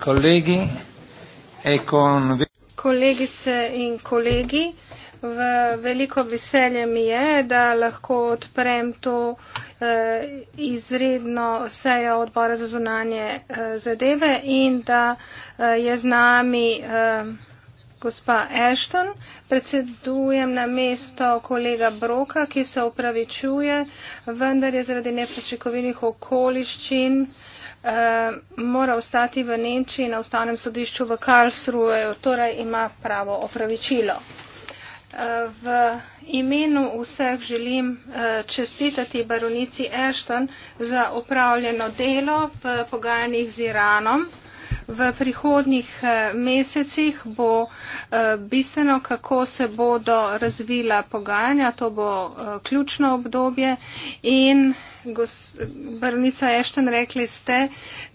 colleghi e con... Kolegice in kolegi, v veliko veselje mi je, da lahko odprem to eh, izredno sejo odbora za zunanje eh, zadeve in da eh, je z nami eh, gospa Ashton. Predsedujem na mesto kolega Broka, ki se upravičuje, vendar je zaradi nepričakovinih okoliščin. Eh, mora ostati v Nemčiji na ustavnem sodišču v Karlsruhe, torej ima pravo opravičilo. Eh, v imenu vseh želim eh, čestitati baronici Ashton za upravljeno delo v pogajanjih z Iranom. V prihodnih mesecih bo bistveno, kako se bodo razvila pogajanja, to bo ključno obdobje in baronica Ešten, rekli ste,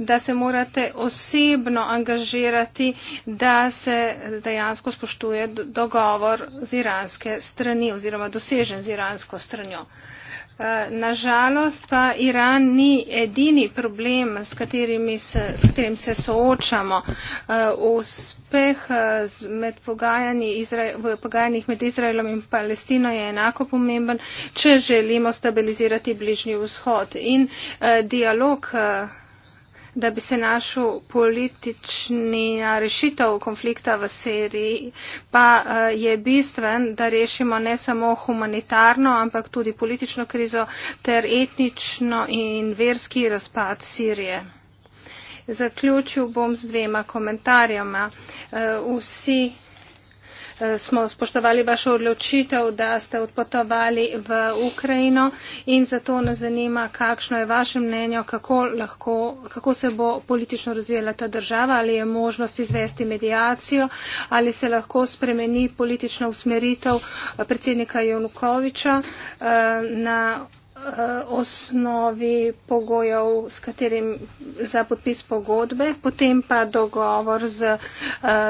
da se morate osebno angažirati, da se dejansko spoštuje dogovor z iranske strani oziroma dosežen z iransko stranjo. Uh, Eh, na žalost pa Iran ni edini problem, s, se, s katerim se soočamo. Eh, uspeh eh, med pogajanji, v pogajanjih med Izraelom in Palestino je enako pomemben, če želimo stabilizirati bližnji vzhod. In dialog da bi se našel politični rešitev konflikta v Siriji, pa je bistven, da rešimo ne samo humanitarno, ampak tudi politično krizo ter etnično in verski razpad Sirije. Zaključil bom z dvema komentarjama. E, vsi Eh, smo spoštovali vašo odločitev, da ste odpotovali v Ukrajino in zato nas zanima, kakšno je vaše mnenje, kako, lahko, kako se bo politično razvijala ta država, ali je možnost izvesti medijacijo, ali se lahko spremeni politična usmeritev eh, predsednika Junukoviča eh, na. Eh, osnovi pogojev, s katerim za podpis pogodbe, potem pa dogovor z eh,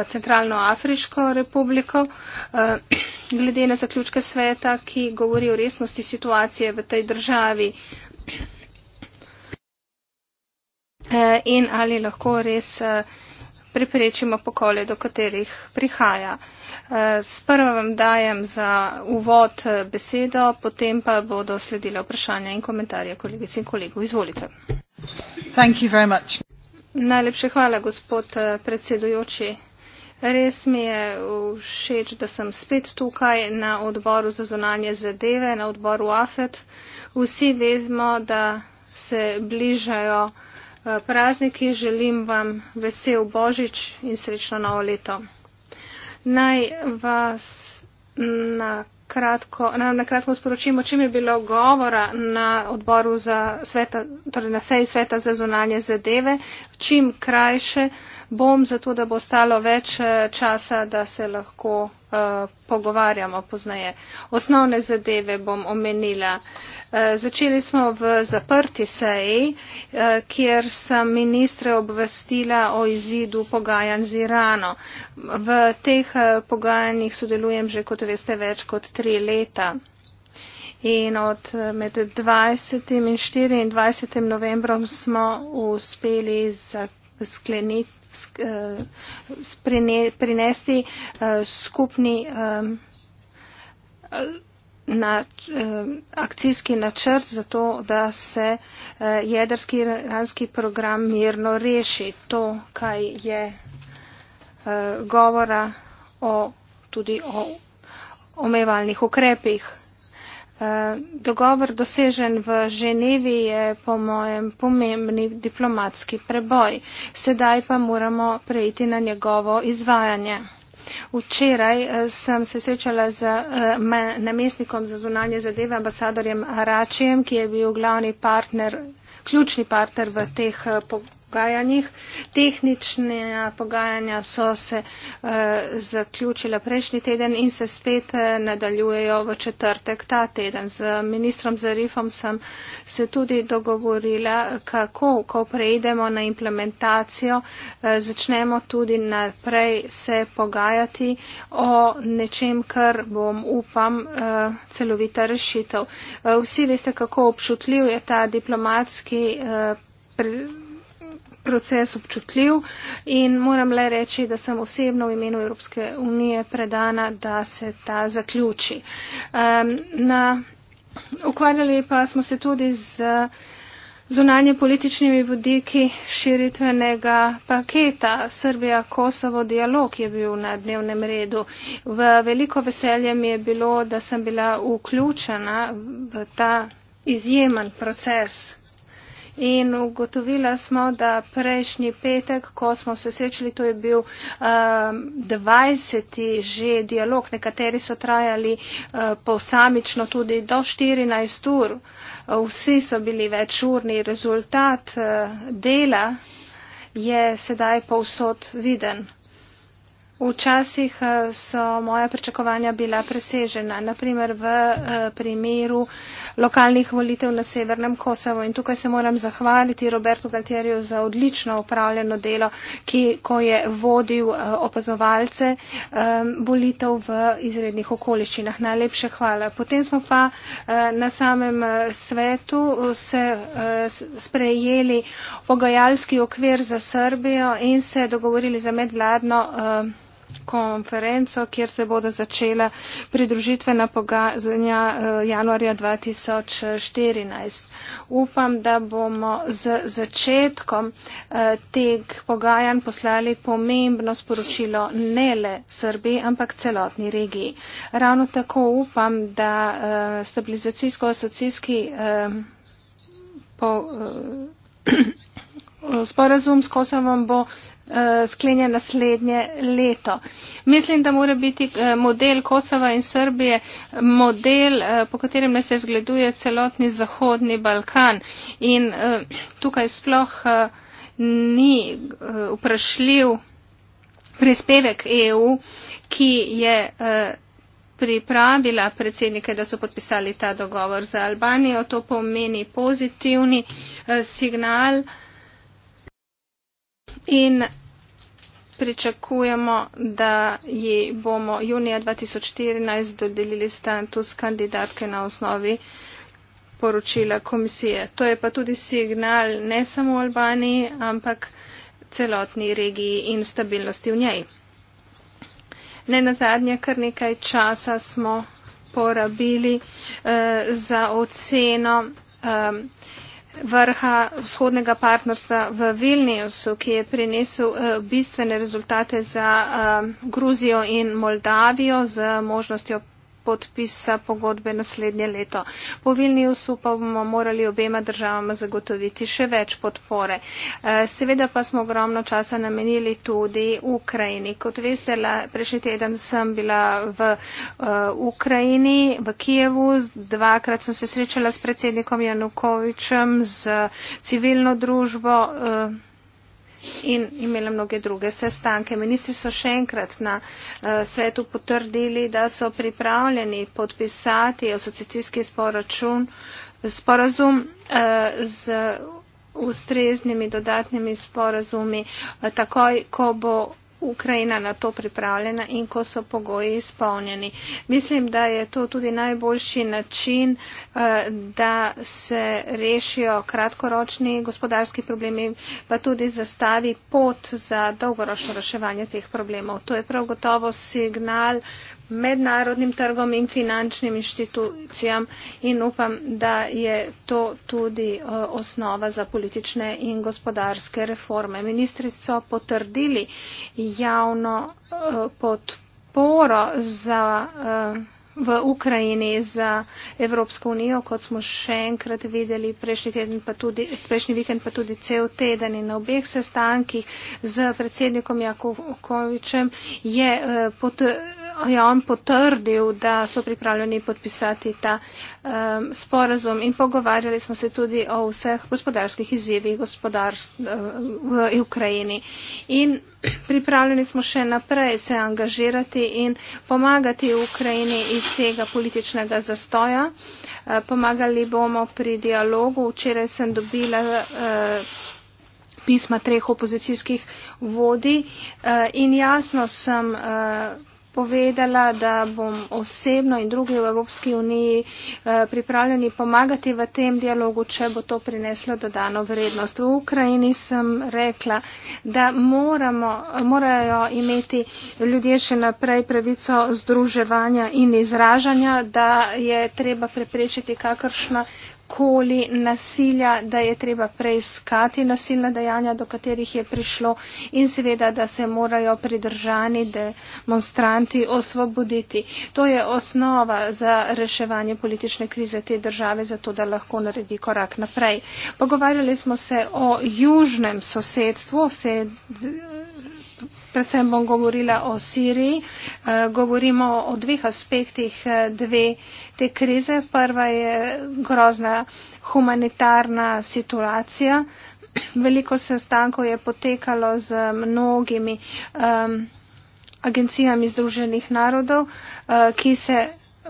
Centralno Afriško republiko. Eh, glede na zaključke sveta, ki govori o resnosti situacije v tej državi in ali lahko res preprečimo pokole, do katerih prihaja. Eh, sprva vam dajem za uvod eh, besedo, potem pa bodo sledile vprašanja in komentarje kolegic in kolegov. Izvolite. Najlepše hvala, gospod eh, predsedujoči. Res mi je všeč, da sem spet tukaj na odboru za zonanje zadeve, na odboru AFET. Vsi vedemo, da se bližajo Eh, prazniki, želim vam vesel Božič in srečno novo leto. Naj vas na kratko, naj vam na kratko sporočimo, čim je bilo govora na odboru za sveta, torej na seji sveta za zunanje zadeve, čim krajše bom zato, da bo ostalo več eh, časa, da se lahko uh, pogovarjamo poznaje. Osnovne zadeve bom omenila. Eh, začeli smo v zaprti seji, kjer sem ministre obvestila o izidu pogajanj z Irano. V teh pogajanjih sodelujem že, kot veste, več kot tri leta. In od med 20. in 24. novembrom smo uspeli skleniti Eh, prinesti eh, skupni na akcijski načrt za to, da se eh, jedrski iranski program mirno reši. To, kaj je govora o, tudi o omejevalnih ukrepih. Eh, dogovor dosežen v Ženevi je po mojem pomembni diplomatski preboj. Sedaj pa moramo prejti na njegovo izvajanje. Včeraj eh, sem se srečala z eh, namestnikom za zunanje zadeve, ambasadorjem Aračijem, ki je bil glavni partner, ključni partner v teh pogovorih pogajanjih. Tehnične pogajanja so se uh, eh, zaključile prejšnji teden in se spet eh, nadaljujejo v četrtek ta teden. Z ministrom Zarifom sem se tudi dogovorila, kako, ko preidemo na implementacijo, uh, začnemo tudi naprej se pogajati o nečem, kar bom upam uh, celovita rešitev. Uh, vsi veste, kako občutljiv je ta diplomatski. Uh, proces občutljiv in moram le reči, da sem osebno v imenu Evropske unije predana, da se ta zaključi. Um, na, ukvarjali pa smo se tudi z zunanje političnimi vodiki širitvenega paketa Srbija-Kosovo dialog je bil na dnevnem redu. V veliko veselje mi je bilo, da sem bila vključena v ta izjemen proces in ugotovila smo, da prejšnji petek, ko smo se srečali, to je bil um, 20. že dialog, nekateri so trajali uh, posamično tudi do 14 ur, vsi so bili večurni, rezultat uh, dela je sedaj povsod viden. Včasih eh, so moja pričakovanja bila presežena, naprimer v eh, primeru lokalnih volitev na Severnem Kosovo. In tukaj se moram zahvaliti Robertu Galtjeriju za odlično upravljeno delo, ki, ko je vodil eh, opazovalce volitev v izrednih okoliščinah. Najlepše hvala. Potem smo pa na samem svetu se sprejeli pogajalski okvir za Srbijo in se dogovorili za medvladno konferenco, kjer se bodo začela pridružitvena pogajanja eh, januarja 2014. Upam, da bomo z začetkom eh, teh pogajanj poslali pomembno sporočilo ne le Srbiji, ampak celotni regiji. Ravno tako upam, da eh, stabilizacijsko-asocijski sporazum s Kosovom bo Eh, sklenje naslednje leto. Mislim, da mora biti eh, model Kosova in Srbije model, eh, po katerem ne se zgleduje celotni Zahodni Balkan. In tukaj sploh ni vprašljiv prispevek EU, ki je pripravila predsednike, da so podpisali ta dogovor za Albanijo. To pomeni pozitivni signal in pričakujemo, da ji bomo junija 2014 dodelili status kandidatke na osnovi poročila komisije. To je pa tudi signal ne samo v Albaniji, ampak celotni regiji in stabilnosti v njej. Ne na zadnje, kar nekaj časa smo porabili eh, za oceno eh, vrha vzhodnega partnerstva v Vilniusu, ki je prinesel eh, bistvene rezultate za eh, Gruzijo in Moldavijo z možnostjo podpisa pogodbe naslednje leto. Po Vilniusu pa bomo morali obema državama zagotoviti še več podpore. Eh, seveda pa smo ogromno časa namenili tudi Ukrajini. Kot veste, prejšnji teden sem bila v eh, Ukrajini, v Kijevu. Dvakrat sem se srečala s predsednikom Janukovičem, z civilno družbo eh, in imele mnoge druge sestanke. Ministri so še enkrat na eh, svetu potrdili, da so pripravljeni podpisati asociacijski sporočun, sporazum eh, z ustreznimi dodatnimi sporazumi eh, takoj, ko bo Ukrajina na to pripravljena in ko so pogoji izpolnjeni. Mislim, da je to tudi najboljši način, eh, da se rešijo kratkoročni gospodarski problemi, pa tudi zastavi pot za dolgoročno reševanje teh problemov. To je prav gotovo signal mednarodnim trgom in finančnim inštitucijam in upam, da je to tudi eh, osnova za politične in gospodarske reforme. Ministri so potrdili javno eh, podporo za. Uh, v Ukrajini za Evropsko unijo, kot smo še enkrat videli prejšnji, pa tudi, prejšnji vikend, pa tudi cel teden in na obeh sestankih z predsednikom Jakovičem je, eh, je on potrdil, da so pripravljeni podpisati ta um, sporazum in pogovarjali smo se tudi o vseh gospodarskih izzivih gospodarst, v, eh, v Ukrajini. In pripravljeni smo še naprej se angažirati in pomagati Ukrajini iz tega političnega zastoja. Eh, pomagali bomo pri dialogu. Včeraj sem dobila eh, pisma treh opozicijskih vodi eh, in jasno sem povedala, da bom osebno in drugi v Evropski uniji eh, pripravljeni pomagati v tem dialogu, če bo to prineslo dodano vrednost. V Ukrajini sem rekla, da moramo, morajo imeti ljudje še naprej pravico združevanja in izražanja, da je treba preprečiti kakršna koli nasilja, da je treba preiskati nasilna dejanja, do katerih je prišlo in seveda, da se morajo pridržani demonstranti osvoboditi. To je osnova za reševanje politične krize te države, zato da lahko naredi korak naprej. Pogovarjali smo se o južnem sosedstvu, vse predvsem bom govorila o Siriji. Eh, govorimo o dveh aspektih eh, dve te krize. Prva je grozna humanitarna situacija. Veliko sestankov je potekalo z mnogimi um, agencijami Združenih narodov, uh, ki se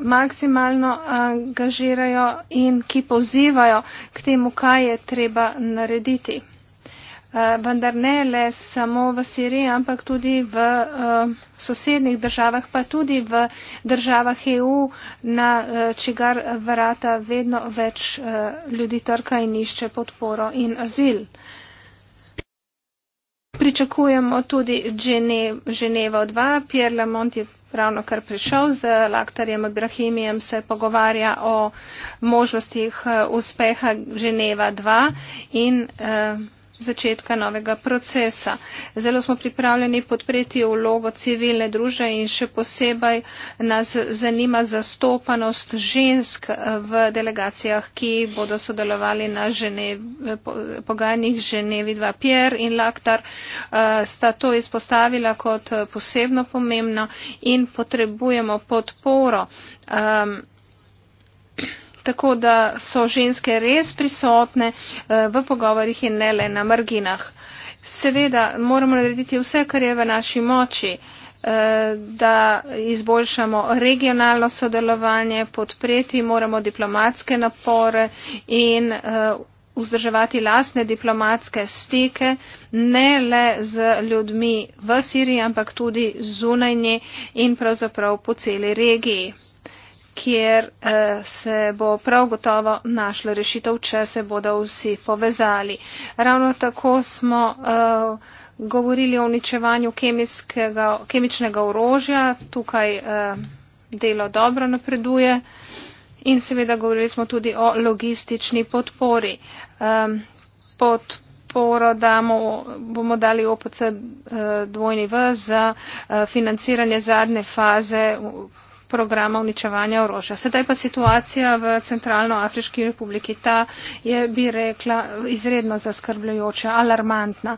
maksimalno angažirajo in ki pozivajo k temu, kaj je treba narediti. Eh, vendar ne le samo v Siriji, ampak tudi v eh, sosednih državah, pa tudi v državah EU, na eh, čigar vrata vedno več ljudi trka in išče podporo in azil. Pričakujemo tudi Ženevo 2, Pierre Lamont je ravno kar prišel z laktarjem Ibrahimijem, se pogovarja o možnostih uspeha Ženeva 2 in uh, začetka novega procesa. Zelo smo pripravljeni podpreti vlogo civilne družbe in še posebej nas zanima zastopanost žensk v delegacijah, ki bodo sodelovali na pogajanjih Ženevi 2. Pier in Laktar eh, sta to izpostavila kot posebno pomembno in potrebujemo podporo. Um, tako da so ženske res prisotne eh, v pogovorjih in ne le na marginah. Seveda moramo narediti vse, kar je v naši moči, eh, da izboljšamo regionalno sodelovanje, podpreti moramo diplomatske napore in eh, vzdrževati lasne diplomatske stike, ne le z ljudmi v Siriji, ampak tudi zunaj nje in pravzaprav po celi regiji kjer eh, se bo prav gotovo našlo rešitev, če se bodo vsi povezali. Ravno tako smo eh, govorili o uničevanju kemičnega orožja, tukaj eh, delo dobro napreduje in seveda govorili smo tudi o logistični podpori. Ehm, Pod Damo, bomo dali OPC dvojni V za financiranje zadnje faze programa uničevanja orožja. Sedaj pa situacija v Centralnoafriški republiki. Ta je, bi rekla, izredno zaskrbljujoča, alarmantna.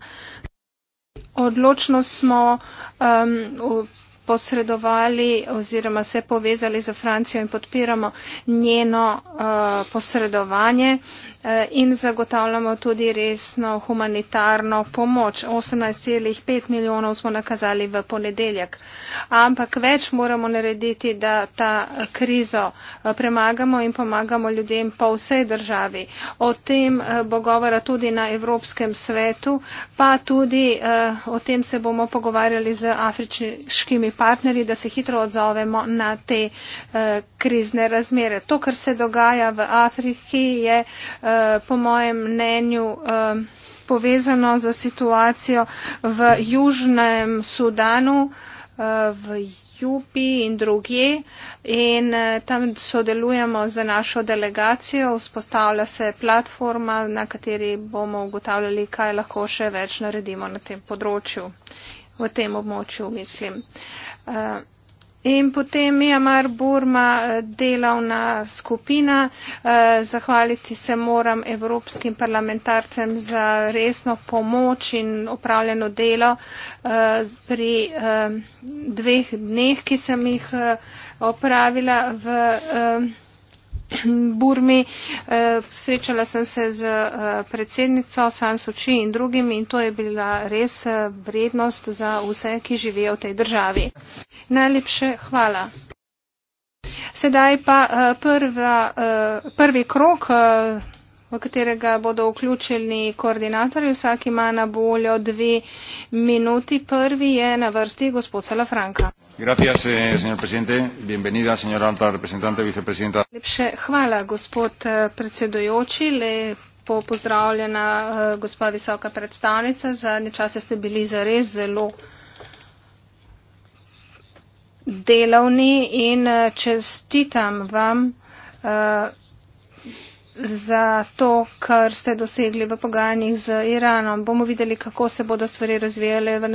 Odločno smo um, posredovali oziroma se povezali za Francijo in podpiramo njeno uh, posredovanje uh, in zagotavljamo tudi resno humanitarno pomoč. 18,5 milijonov smo nakazali v ponedeljek. Ampak več moramo narediti, da ta eh, krizo premagamo in pomagamo ljudem po vsej državi. O tem bo govora tudi na Evropskem svetu, pa tudi uh, o tem se bomo pogovarjali z afriškimi partnerji, da se hitro odzovemo na te eh, krizne razmere. To, kar se dogaja v Afriki, je eh, po mojem mnenju eh, povezano za situacijo v Južnem Sudanu, v Jupi in drugje in tam sodelujemo z našo delegacijo, vzpostavlja se platforma, na kateri bomo ugotavljali, kaj lahko še več naredimo na tem področju, v tem območju, mislim. Uh, Eh, in potem Mijamar Burma eh, delovna skupina. Eh, zahvaliti se moram evropskim parlamentarcem za resno pomoč in opravljeno delo pri dveh dneh, ki sem jih opravila v Burmi. Eh, srečala sem se z eh, predsednico San Suu Kyi in drugimi in to je bila res eh, vrednost za vse, ki živijo v tej državi. Najlepše hvala. Sedaj pa prva, prvi krok v katerega bodo vključeni koordinatorji. Vsak ima na voljo dve minuti. Prvi je na vrsti gospod Salafranka. Eh, hvala, gospod eh, predsedujoči. Lepo pozdravljena, eh, gospa visoka predstavnica. Zadnje čase ste bili zares zelo delovni in čestitam vam. Uh, za to, kar ste dosegli v pogajanjih z Iranom. Bomo videli, kako se bodo stvari razvijale v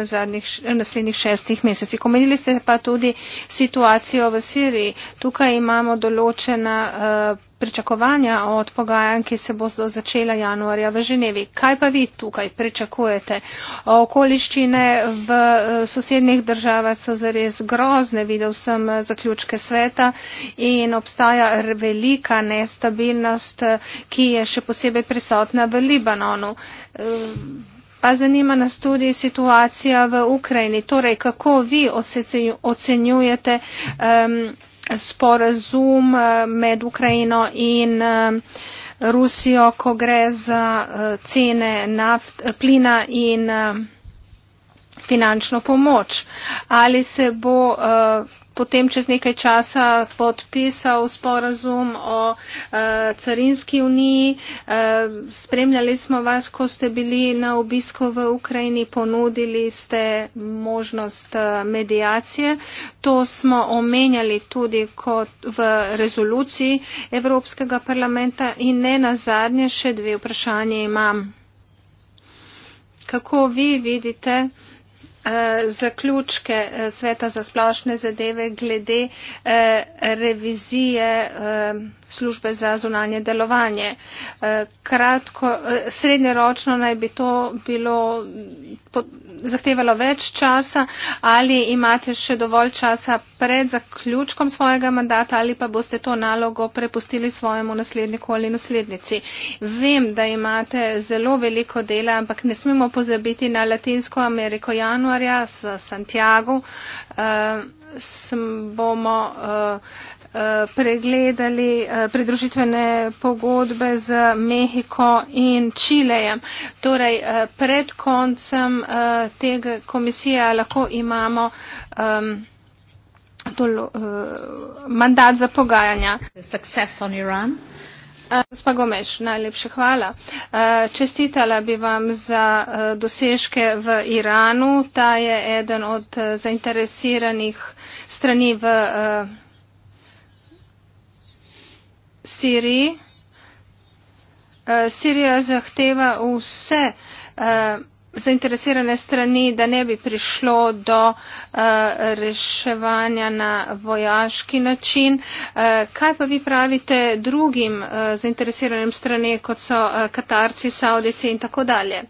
naslednjih šestih mesecih. Komenili ste pa tudi situacijo v Siriji. Tukaj imamo določena uh, pričakovanja od pogajan, ki se bo začela januarja v Ženevi. Kaj pa vi tukaj pričakujete? Okoliščine v eh, sosednjih državah so zares grozne, videl sem eh, zaključke sveta in obstaja velika nestabilnost, eh, ki je še posebej prisotna v Libanonu. Pa zanima nas tudi situacija v Ukrajini. Torej, kako vi ocenjujete. Um, sporazum eh, med Ukrajino in eh, Rusijo, ko gre za eh, cene naft, plina in finančno pomoč. Ali se bo uh, potem čez nekaj časa podpisal sporazum o uh, carinski uniji. Uh, spremljali smo vas, ko ste bili na obisku v Ukrajini, ponudili ste možnost eh, medijacije. To smo omenjali tudi kot v rezoluciji Evropskega parlamenta in ne na zadnje še dve vprašanje imam. Kako vi vidite? Eh, zaključke eh, sveta za splošne zadeve glede eh, revizije službe za zunanje delovanje. Eh, kratko, eh, srednjeročno naj bi to bilo zahtevalo več časa ali imate še dovolj časa pred zaključkom svojega mandata ali pa boste to nalogo prepustili svojemu nasledniku ali naslednici. Vem, da imate zelo veliko dela, ampak ne smemo pozabiti na Latinsko Ameriko januarja s Santiago. Uh, bomo, uh, pregledali eh, pridružitvene pogodbe z Mehiko in Čilejem. Torej, eh, pred koncem eh, tega komisije lahko imamo um, tolo, uh, mandat za pogajanja. Gospa Gomeš, najlepša hvala. Čestitala bi vam za dosežke v Iranu. Ta je eden od zainteresiranih strani v Siriji. Eh, Sirija zahteva vse eh, zainteresirane strani, da ne bi prišlo do eh, reševanja na vojaški način. Kaj pa vi pravite drugim zainteresiranim strani, kot so Katarci, Saudici in tako dalje?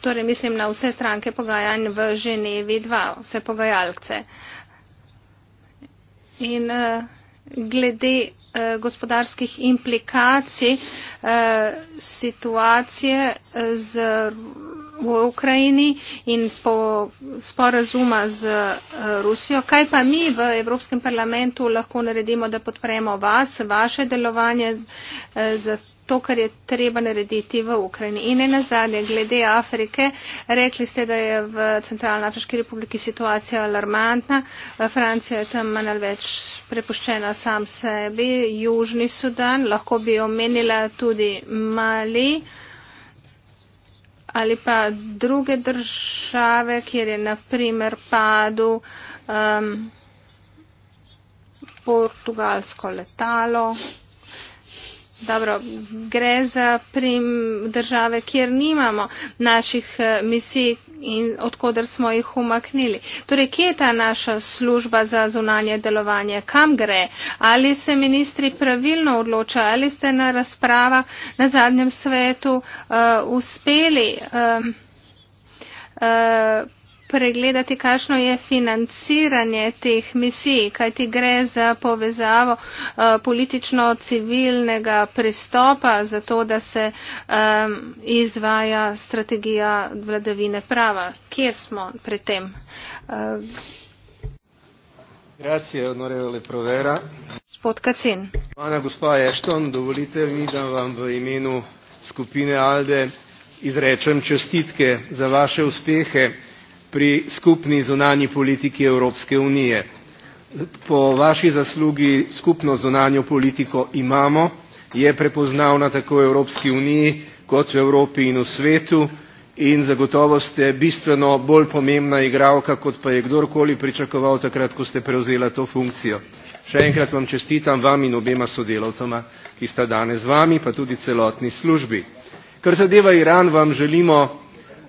Torej mislim na vse stranke pogajanj v Ženevi 2, vse pogajalce. In uh, glede eh, gospodarskih implikacij eh, situacije eh, z, v Ukrajini in po sporazuma z eh, Rusijo. Kaj pa mi v Evropskem parlamentu lahko naredimo, da podpremo vas, vaše delovanje eh, za to? to, kar je treba narediti v Ukrajini. In ne nazadnje, glede Afrike, rekli ste, da je v Centralno Afriški republiki situacija alarmantna, Francija je tam manj ali več prepuščena sam sebi, Južni Sudan, lahko bi omenila tudi Mali ali pa druge države, kjer je naprimer padu um, portugalsko letalo. Dobro, gre za prim države, kjer nimamo naših eh, misij in odkudar smo jih umaknili. Torej, kje je ta naša služba za zunanje delovanje? Kam gre? Ali se ministri pravilno odloča? Ali ste na razprava na zadnjem svetu uh, uspeli uh, uh, pregledati, kakšno je financiranje teh misij, kaj ti gre za povezavo eh, politično-civilnega pristopa, zato da se izvaja strategija vladavine prava. Kje smo pri tem? Eh, Grazie, onorevole Provera. Gospod Kacin. Hvala, gospa Ešton, dovolite mi, da vam v imenu skupine Alde izrečem čestitke za vaše uspehe pri skupni zunanji politiki Evropske unije. Po vaši zaslugi skupno zunanjo politiko imamo, je prepoznavna tako v Evropski uniji kot v Evropi in v svetu in zagotovo ste bistveno bolj pomembna igralka, kot pa je kdorkoli pričakoval takrat, ko ste prevzela to funkcijo. Še enkrat vam čestitam, vam in obema sodelavcama, ki sta danes z vami, pa tudi celotni službi. Kar zadeva Iran, vam želimo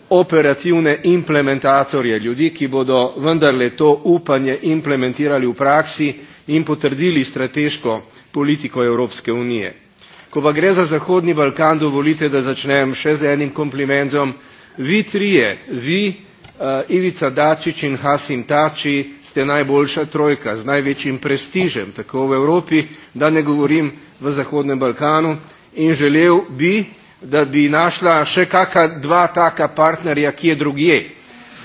operativne implementatorje ljudi ki bodo vendarle to upanje implementirali v praksi in potrdili strateško politiko evropske unije. ko pa gre za zahodni balkan dovolite da začnem še z enim komplimentom vi trije vi eh, ivica dačić in hasim tači ste najboljša trojka z največjim prestižem tako v evropi da ne govorim v zahodnem balkanu in želel bi da bi našla še kakšna dva taka partnerja, ki je drugje.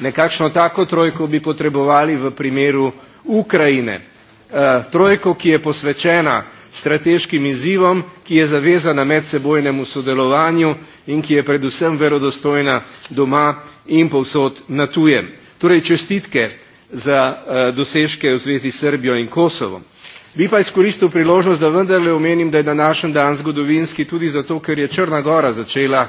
Nekakšno tako trojko bi potrebovali v primeru Ukrajine. E, trojko, ki je posvečena strateškim izzivom, ki je zavezana medsebojnemu sodelovanju in ki je predvsem verodostojna doma in povsod na tujem. Torej čestitke za e, dosežke v zvezi s Srbijo in Kosovom. Bi pa izkoristil priložnost, da vendarle omenim, da je današnji dan zgodovinski tudi zato, ker je Črna Gora začela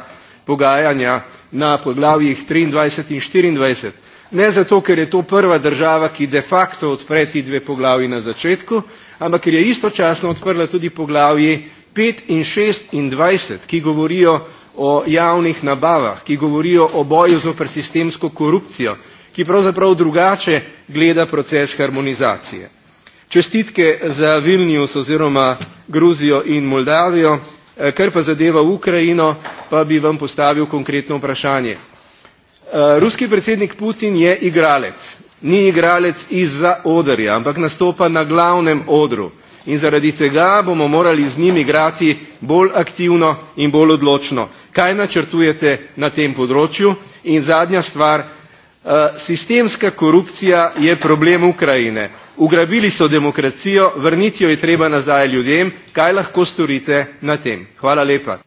pogajanja na poglavjih 23 in 24. Ne zato, ker je to prva država, ki de facto odpre ti dve poglavji na začetku, ampak ker je istočasno odprla tudi poglavji 5 in 6 in 20, ki govorijo o javnih nabavah, ki govorijo o boju zoper sistemsko korupcijo, ki pravzaprav drugače gleda proces harmonizacije čestitke za Vilnius oziroma Gruzijo in Moldavijo. Eh, Ker pa zadeva Ukrajino, pa bi vam postavil konkretno vprašanje. Eh, ruski predsednik Putin je igralec. Ni igralec izza odrja, ampak nastopa na glavnem odru. In zaradi tega bomo morali z njim igrati bolj aktivno in bolj odločno. Kaj načrtujete na tem področju? In zadnja stvar, eh, sistemska korupcija je problem Ukrajine ugrabili so demokracijo, vrniti jo je treba nazaj ljudem, kaj lahko storite na tem. Hvala lepa.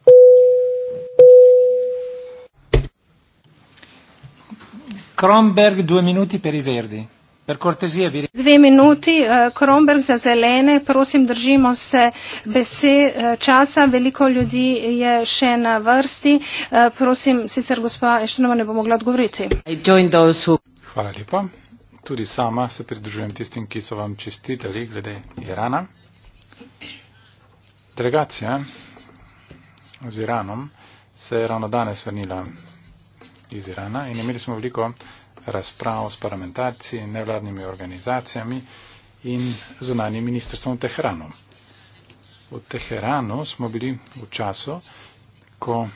Kromberg, dve minuti per i verdi. Per cortesia, vi... Dve minuti, uh, eh, Kromberg za zelene, prosim držimo se bese uh, časa, veliko ljudi je še na vrsti, uh, prosim, sicer gospa Eštenova ne bo mogla odgovoriti. Hvala lepa tudi sama se pridružujem tistim, ki so vam čestitali glede Irana. Delegacija z Iranom se je ravno danes vrnila iz Irana in imeli smo veliko razprav s parlamentarci, nevladnimi organizacijami in zunanjim ministrstvom v Teheranu. V Teheranu smo bili v času, ko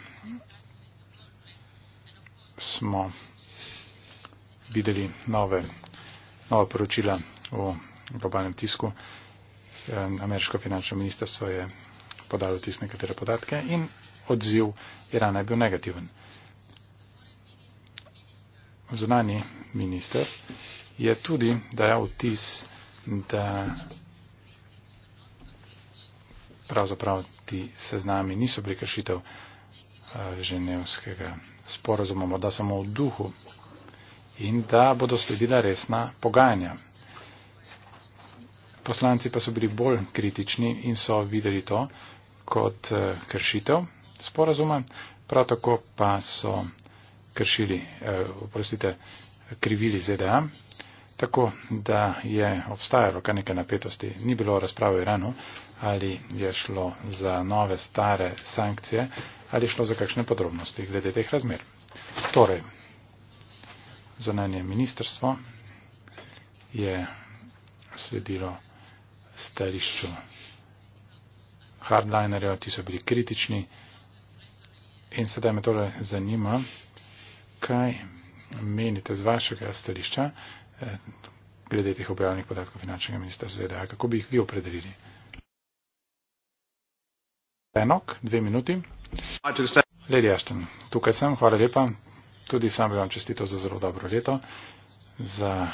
smo videli nove nova poročila o globalnem tisku. Ameriško finančno ministrstvo je podalo tist nekatere podatke in odziv Irana je bil negativen. Zunani minister je tudi dajal tis, da pravzaprav ti seznami niso prikršitev eh, ženevskega sporozuma, morda samo v duhu in da bodo sledila resna pogajanja. Poslanci pa so bili bolj kritični in so videli to kot eh, kršitev sporazuma, prav tako pa so kršili, eh, oprostite, krivili ZDA, tako da je obstajalo kar nekaj napetosti. Ni bilo razprave o Iranu, ali je šlo za nove, stare sankcije, ali je šlo za kakšne podrobnosti glede teh razmer. Torej, zunanje ministrstvo je sledilo stališču hardlinerjev, ti so bili kritični. In sedaj me torej zanima, kaj menite z vašega stališča eh, glede teh objavljenih podatkov finančnega ministra ZDA, kako bi jih vi opredelili. Enok, dve minuti. Lady Ashton, tukaj sem, hvala lepa. Tudi sam bi vam čestito za zelo dobro leto, za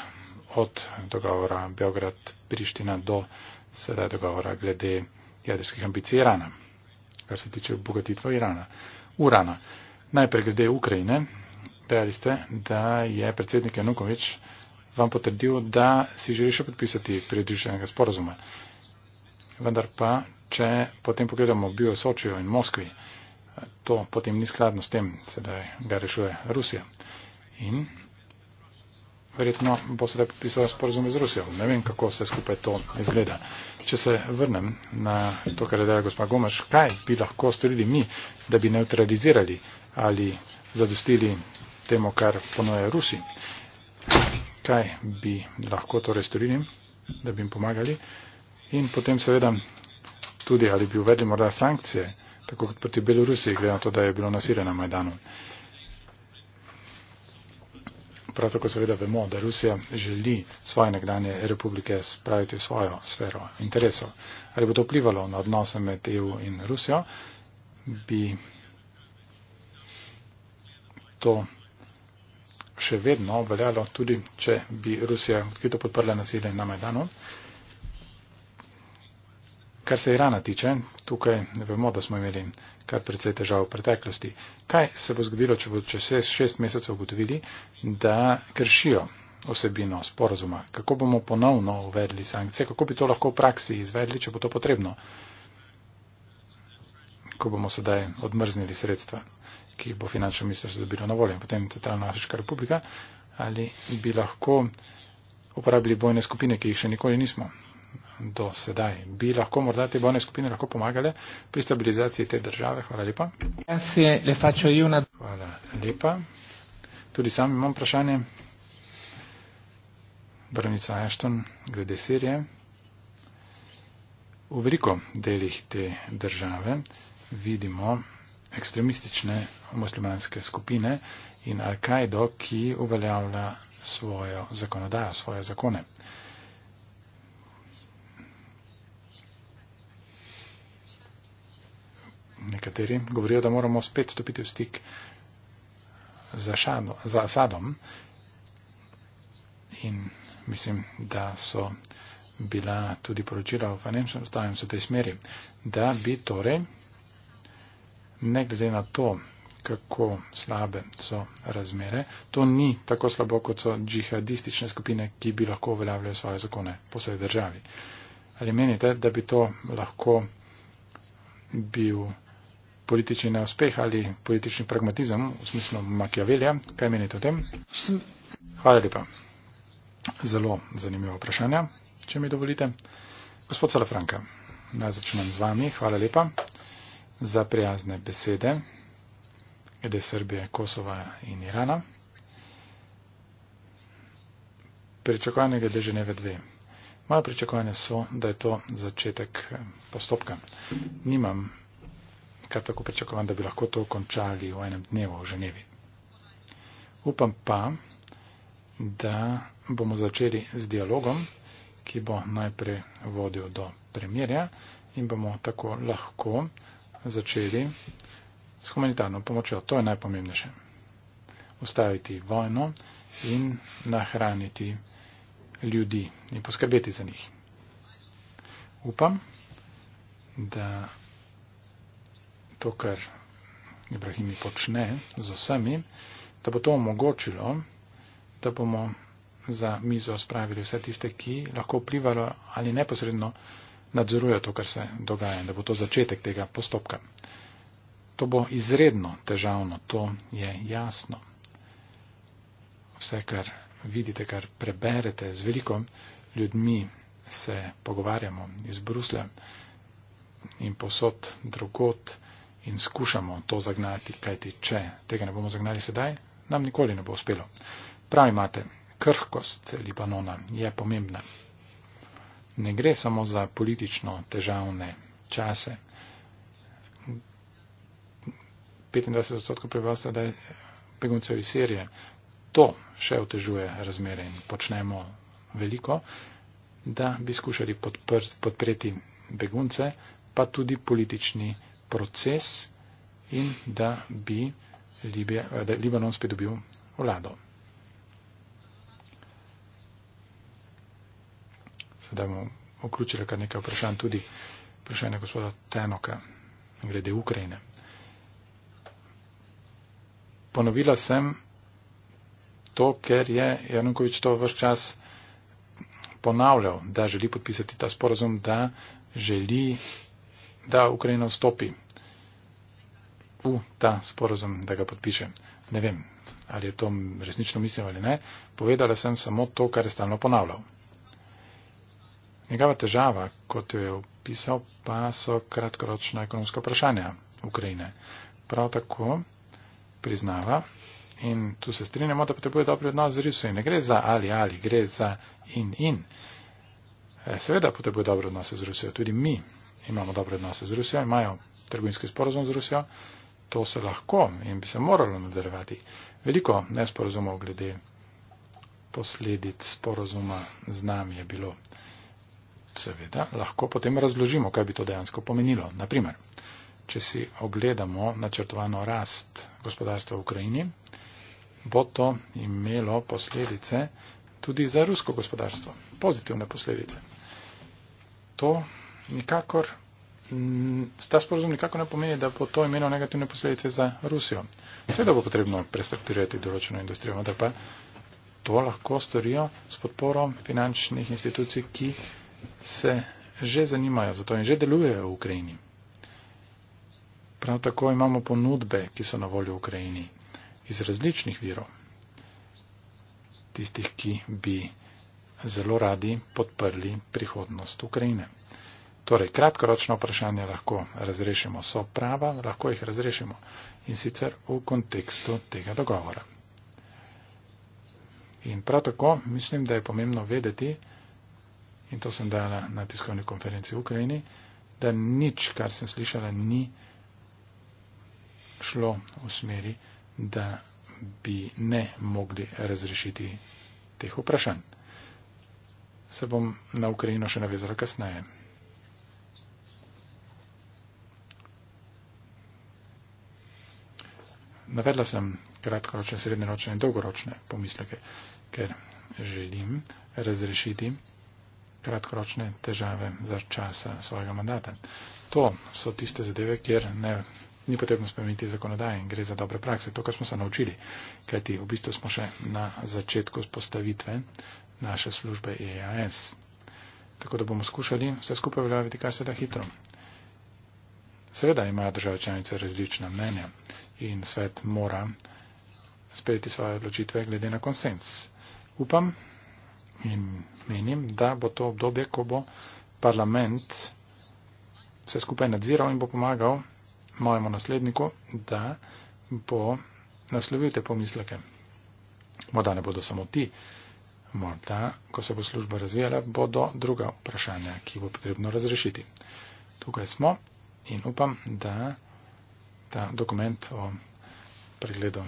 od dogovora Beograd-Priština do sedaj dogovora glede jedrskih ambicij Irana, kar se tiče obogatitva Irana. Urana. Najprej glede Ukrajine. Dejali ste, da je predsednik Janukovič vam potrdil, da si želi še podpisati pridruženega sporozuma. Vendar pa, če potem pogledamo bio Sočijo in Moskvi, to potem ni skladno s tem, sedaj ga rešuje Rusija. In verjetno bo sedaj podpisala sporozume z Rusijo. Ne vem, kako se skupaj to izgleda. Če se vrnem na to, kar je dala gospa Gomaš, kaj bi lahko storili mi, da bi neutralizirali ali zadostili temu, kar ponuja Rusi. Kaj bi lahko torej storili, da bi jim pomagali. In potem seveda tudi, ali bi uvedli morda sankcije tako kot proti Belorusiji, glede na to, da je bilo nasilje na Majdanu. Prav tako seveda vemo, da Rusija želi svoje nekdanje republike spraviti v svojo sfero interesov. Ali bo to vplivalo na odnose med EU in Rusijo, bi to še vedno veljalo, tudi če bi Rusija odkrito podprla nasilje na Majdanu. Kar se Irana tiče, tukaj ne vemo, da smo imeli kar precej težav v preteklosti. Kaj se bo zgodilo, če bodo čez šest mesecev ugotovili, da kršijo osebino sporozuma? Kako bomo ponovno uvedli sankcije? Kako bi to lahko v praksi izvedli, če bo to potrebno? Ko bomo sedaj odmrznili sredstva, ki jih bo finančno ministrstvo dobilo na voljo in potem Centralna Afriška republika, ali bi lahko uporabili bojne skupine, ki jih še nikoli nismo do sedaj. Bi lahko morda te bojne skupine lahko pomagale pri stabilizaciji te države? Hvala lepa. Hvala lepa. Tudi sam imam vprašanje. Brnica Ashton, glede Sirije. V veliko delih te države vidimo ekstremistične muslimanske skupine in Al-Kaido, ki uveljavlja svojo zakonodajo, svoje zakone. nekateri govorijo, da moramo spet stopiti v stik za, šano, za sadom. In mislim, da so bila tudi poročila v Financial Times v tej smeri, da bi torej, ne glede na to, kako slabe so razmere, to ni tako slabo, kot so džihadistične skupine, ki bi lahko uveljavljali svoje zakone po svoji državi. Ali menite, da bi to lahko bil politični neuspeh ali politični pragmatizem v smislu Machiavellija. Kaj menite o tem? Hvala lepa. Zelo zanimivo vprašanje, če mi dovolite. Gospod Salafranka, naj začnem z vami. Hvala lepa za prijazne besede glede Srbije, Kosova in Irana. Pričakovanje glede Ženeve 2. Moje pričakovanje so, da je to začetek postopka. Nimam kar tako pričakovan, da bi lahko to končali v enem dnevu v Ženevi. Upam pa, da bomo začeli z dialogom, ki bo najprej vodil do premirja in bomo tako lahko začeli s humanitarno pomočjo. To je najpomembnejše. Ustaviti vojno in nahraniti ljudi in poskrbeti za njih. Upam, da to, kar Ibrahimi počne z vsemi, da bo to omogočilo, da bomo za mizo spravili vse tiste, ki lahko vplivajo ali neposredno nadzorujejo to, kar se dogaja, da bo to začetek tega postopka. To bo izredno težavno, to je jasno. Vse, kar vidite, kar preberete z veliko ljudmi, se pogovarjamo iz Bruslja in posod drugot in skušamo to zagnati, kajti če tega ne bomo zagnali sedaj, nam nikoli ne bo uspelo. Pravi imate, krhkost Libanona je pomembna. Ne gre samo za politično težavne čase. 25% prebivalstva je beguncev iz Sirije. To še otežuje razmere in počnemo veliko, da bi skušali podpreti begunce, pa tudi politični proces in da bi Libija, da Libanon spet dobil vlado. Sedaj bomo vključili kar nekaj vprašanj, tudi vprašanje gospoda Tenoka glede Ukrajine. Ponovila sem to, ker je Janukovič to vse čas ponavljal, da želi podpisati ta sporozum, da želi da Ukrajina vstopi v ta sporozum, da ga podpiše. Ne vem, ali je to resnično mislim ali ne. Povedala sem samo to, kar je stalno ponavljal. Njegova težava, kot jo je opisal, pa so kratkoročna ekonomska vprašanja Ukrajine. Prav tako priznava in tu se strinjamo, da potrebuje dobri odnos z Rusijo. Ne gre za ali ali, gre za in in. E, seveda potrebuje dobri odnos z Rusijo, tudi mi imamo dobre odnose z Rusijo, imajo trgovinski sporozum z Rusijo. To se lahko in bi se moralo nadaljevati. Veliko nesporazumov glede posledic sporozuma z nami je bilo. Seveda, lahko potem razložimo, kaj bi to dejansko pomenilo. Naprimer, če si ogledamo načrtovano rast gospodarstva v Ukrajini, bo to imelo posledice tudi za rusko gospodarstvo. Pozitivne posledice. To nikakor, ta sporozum nikakor ne pomeni, da bo to imelo negativne posledice za Rusijo. Seveda bo potrebno prestrukturirati določeno industrijo, da pa to lahko storijo s podporo finančnih institucij, ki se že zanimajo za to in že delujejo v Ukrajini. Prav tako imamo ponudbe, ki so na voljo v Ukrajini iz različnih virov, tistih, ki bi zelo radi podprli prihodnost Ukrajine. Torej, kratkoročno vprašanje lahko razrešimo, so prava, lahko jih razrešimo in sicer v kontekstu tega dogovora. In prav tako mislim, da je pomembno vedeti, in to sem dala na tiskovni konferenci v Ukrajini, da nič, kar sem slišala, ni šlo v smeri, da bi ne mogli razrešiti teh vprašanj. Se bom na Ukrajino še navezala kasneje. navedla sem kratkoročne, srednjeročne in dolgoročne pomisleke, ker želim razrešiti kratkoročne težave za časa svojega mandata. To so tiste zadeve, kjer ne, ni potrebno spremeniti zakonodaje in gre za dobre prakse. To, kar smo se naučili, kajti v bistvu smo še na začetku spostavitve naše službe EAS. Tako da bomo skušali vse skupaj vljaviti kar se da hitro. Seveda imajo države članice različna mnenja in svet mora sprejeti svoje odločitve glede na konsens. Upam in menim, da bo to obdobje, ko bo parlament vse skupaj nadziral in bo pomagal mojemu nasledniku, da bo naslovil te pomisleke. Morda ne bodo samo ti, morda, ko se bo služba razvijala, bodo druga vprašanja, ki bo potrebno razrešiti. Tukaj smo in upam, da ta dokument o pregledu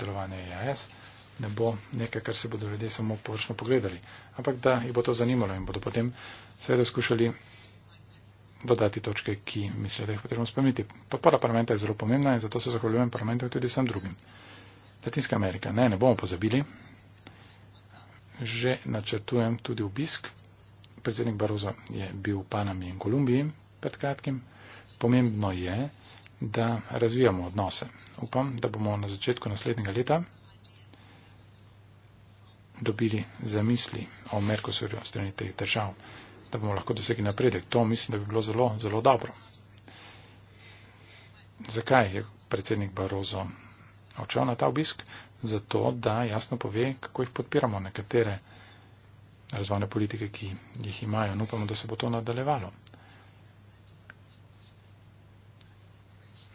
delovanja IAS e ne bo nekaj, kar se bodo ljudje samo površno pogledali, ampak da jih bo to zanimalo in bodo potem seveda skušali dodati točke, ki mislijo, da jih potrebno spremeniti. Podpora parlamenta je zelo pomembna in zato se zahvaljujem parlamentu in tudi vsem drugim. Latinska Amerika. Ne, ne bomo pozabili. Že načrtujem tudi obisk. Predsednik Barozo je bil v Panami in Kolumbiji pred kratkim. Pomembno je, da razvijamo odnose. Upam, da bomo na začetku naslednjega leta dobili zamisli o Merkosurju strani teh držav, da bomo lahko dosegli napredek. To mislim, da bi bilo zelo, zelo dobro. Zakaj je predsednik Barozo očel na ta obisk? Zato, da jasno pove, kako jih podpiramo nekatere razvojne politike, ki jih imajo. In upamo, da se bo to nadaljevalo.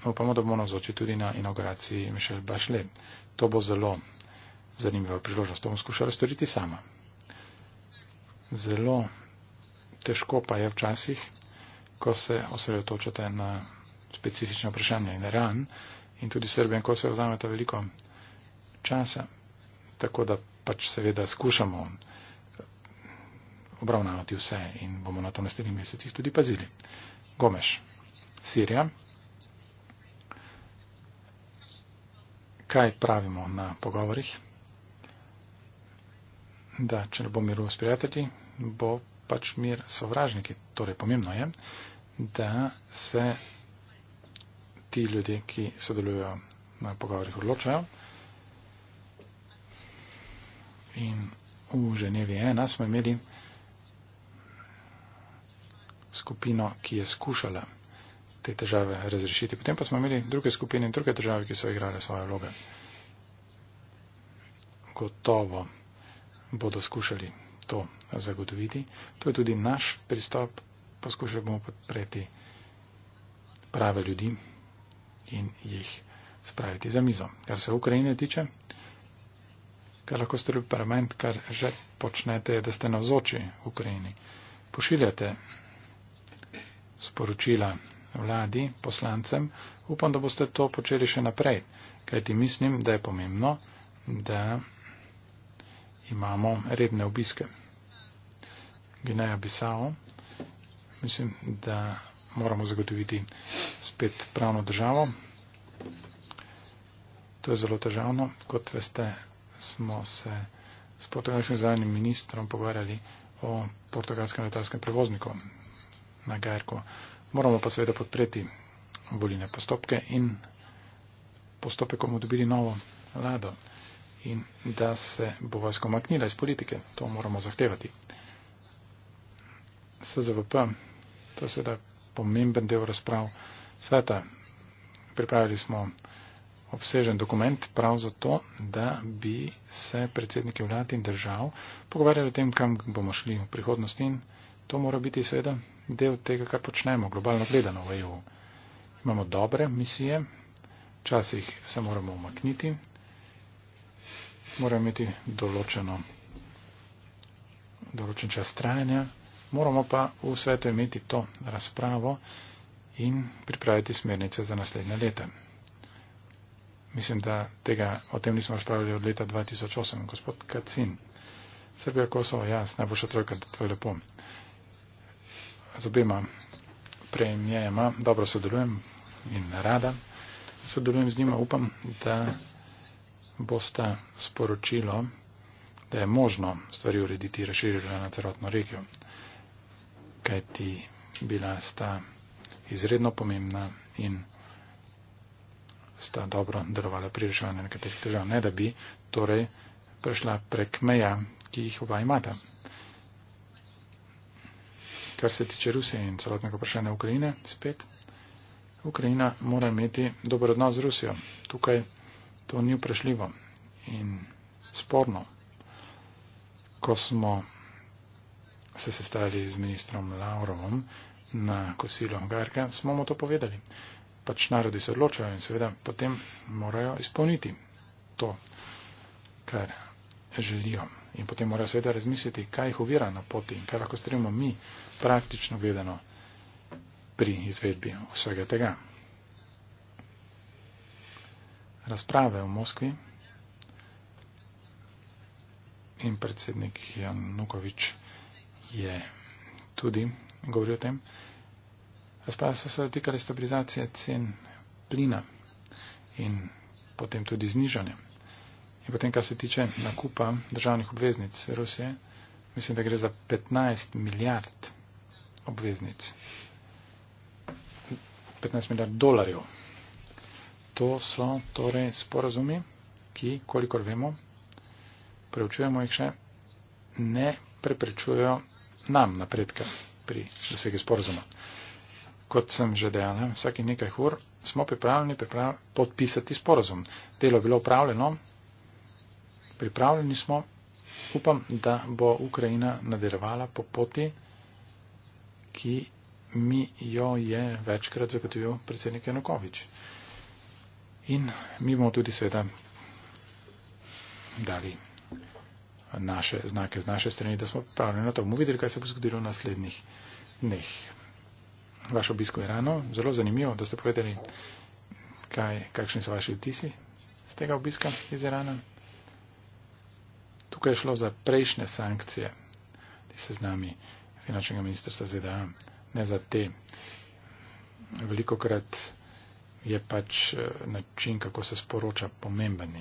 upamo, da bomo nazočili tudi na inauguraciji Mišel Bašle. To bo zelo zanimiva priložnost. To bomo skušali storiti sama. Zelo težko pa je včasih, ko se osredotočate na specifično vprašanje in ran in tudi Srbijan, ko se vzamete veliko časa. Tako da pač seveda skušamo obravnavati vse in bomo na to naslednjih mesecih tudi pazili. Gomeš, Sirija. kaj pravimo na pogovorih, da če ne bo miru s prijatelji, bo pač mir sovražniki. Torej, pomembno je, da se ti ljudje, ki sodelujo na pogovorih, odločajo. In v Ženevi 1 smo imeli skupino, ki je skušala te težave razrešiti. Potem pa smo imeli druge skupine in druge države, ki so igrale svoje vloge. Gotovo bodo skušali to zagotoviti. To je tudi naš pristop. Poskušali bomo podpreti prave ljudi in jih spraviti za mizo. Kar se Ukrajine tiče, kar lahko storil parlament, kar že počnete, je, da ste navzoči Ukrajini. Pošiljate sporočila vladi, poslancem, upam, da boste to počeli še naprej, kajti mislim, da je pomembno, da imamo redne obiske. Gineja Bisao, mislim, da moramo zagotoviti spet pravno državo. To je zelo težavno. Kot veste, smo se s portugalskim zadnjim ministrom pogovarjali o portugalskem letalskem prevozniku na Gajerko. Moramo pa seveda podpreti volilne postopke in postopek, ko bomo dobili novo vlado in da se bo vojsko maknila iz politike. To moramo zahtevati. SZVP, to je seveda pomemben del razprav sveta. Pripravili smo obsežen dokument prav zato, da bi se predsedniki vlad in držav pogovarjali o tem, kam bomo šli v prihodnosti in to mora biti seveda del tega, kar počnemo, globalno gledano v EU. Imamo dobre misije, včasih se moramo umakniti, moramo imeti določeno, določen čas trajanja, moramo pa v svetu imeti to razpravo in pripraviti smernice za naslednje leta. Mislim, da tega, o tem nismo razpravljali od leta 2008. Gospod Kacin, Srbija, Kosovo, jaz, najboljša trojka, da to je lepo z obema premijema dobro sodelujem in rada sodelujem z njima. Upam, da bosta sporočilo, da je možno stvari urediti razširjeno na celotno regijo, kajti bila sta izredno pomembna in sta dobro delovala pri reševanju nekaterih težav, ne da bi torej prešla prek meja, ki jih oba imata kar se tiče Rusije in celotnega vprašanja Ukrajine, spet. Ukrajina mora imeti dober odnos z Rusijo. Tukaj to ni vprašljivo in sporno. Ko smo se sestali z ministrom Lavrovom na kosilo Garka, smo mu to povedali. Pač narodi se odločajo in seveda potem morajo izpolniti to, kar želijo. In potem mora seveda razmisliti, kaj jih uvira na poti in kaj lahko storimo mi, praktično gledano, pri izvedbi vsega tega. Razprave v Moskvi in predsednik Janukovič je tudi govoril o tem. Razprave so se dotikale stabilizacije cen plina in potem tudi znižanja. In potem, kar se tiče nakupa državnih obveznic Rusije, mislim, da gre za 15 milijard obveznic. 15 milijard dolarjev. To so torej sporazumi, ki, kolikor vemo, preučujemo jih še, ne preprečujejo nam napredka pri dosegi sporazuma. Kot sem že dejal, vsakih nekaj ur smo pripravljeni pripravljen podpisati sporazum. Delo je bilo upravljeno, pripravljeni smo, upam, da bo Ukrajina nadaljevala po poti, ki mi jo je večkrat zagotovil predsednik Janukovič. In mi bomo tudi seveda dali naše znake z naše strani, da smo pripravljeni na to. Bomo videli, kaj se bo zgodilo v naslednjih dneh. Vaš obisko je rano, zelo zanimivo, da ste povedali, kaj, kakšni so vaši vtisi z tega obiska iz Irana tukaj je šlo za prejšnje sankcije, ti se z nami finančnega ministrstva ZDA, ne za te. Veliko krat je pač eh, način, kako se sporoča, pomemben.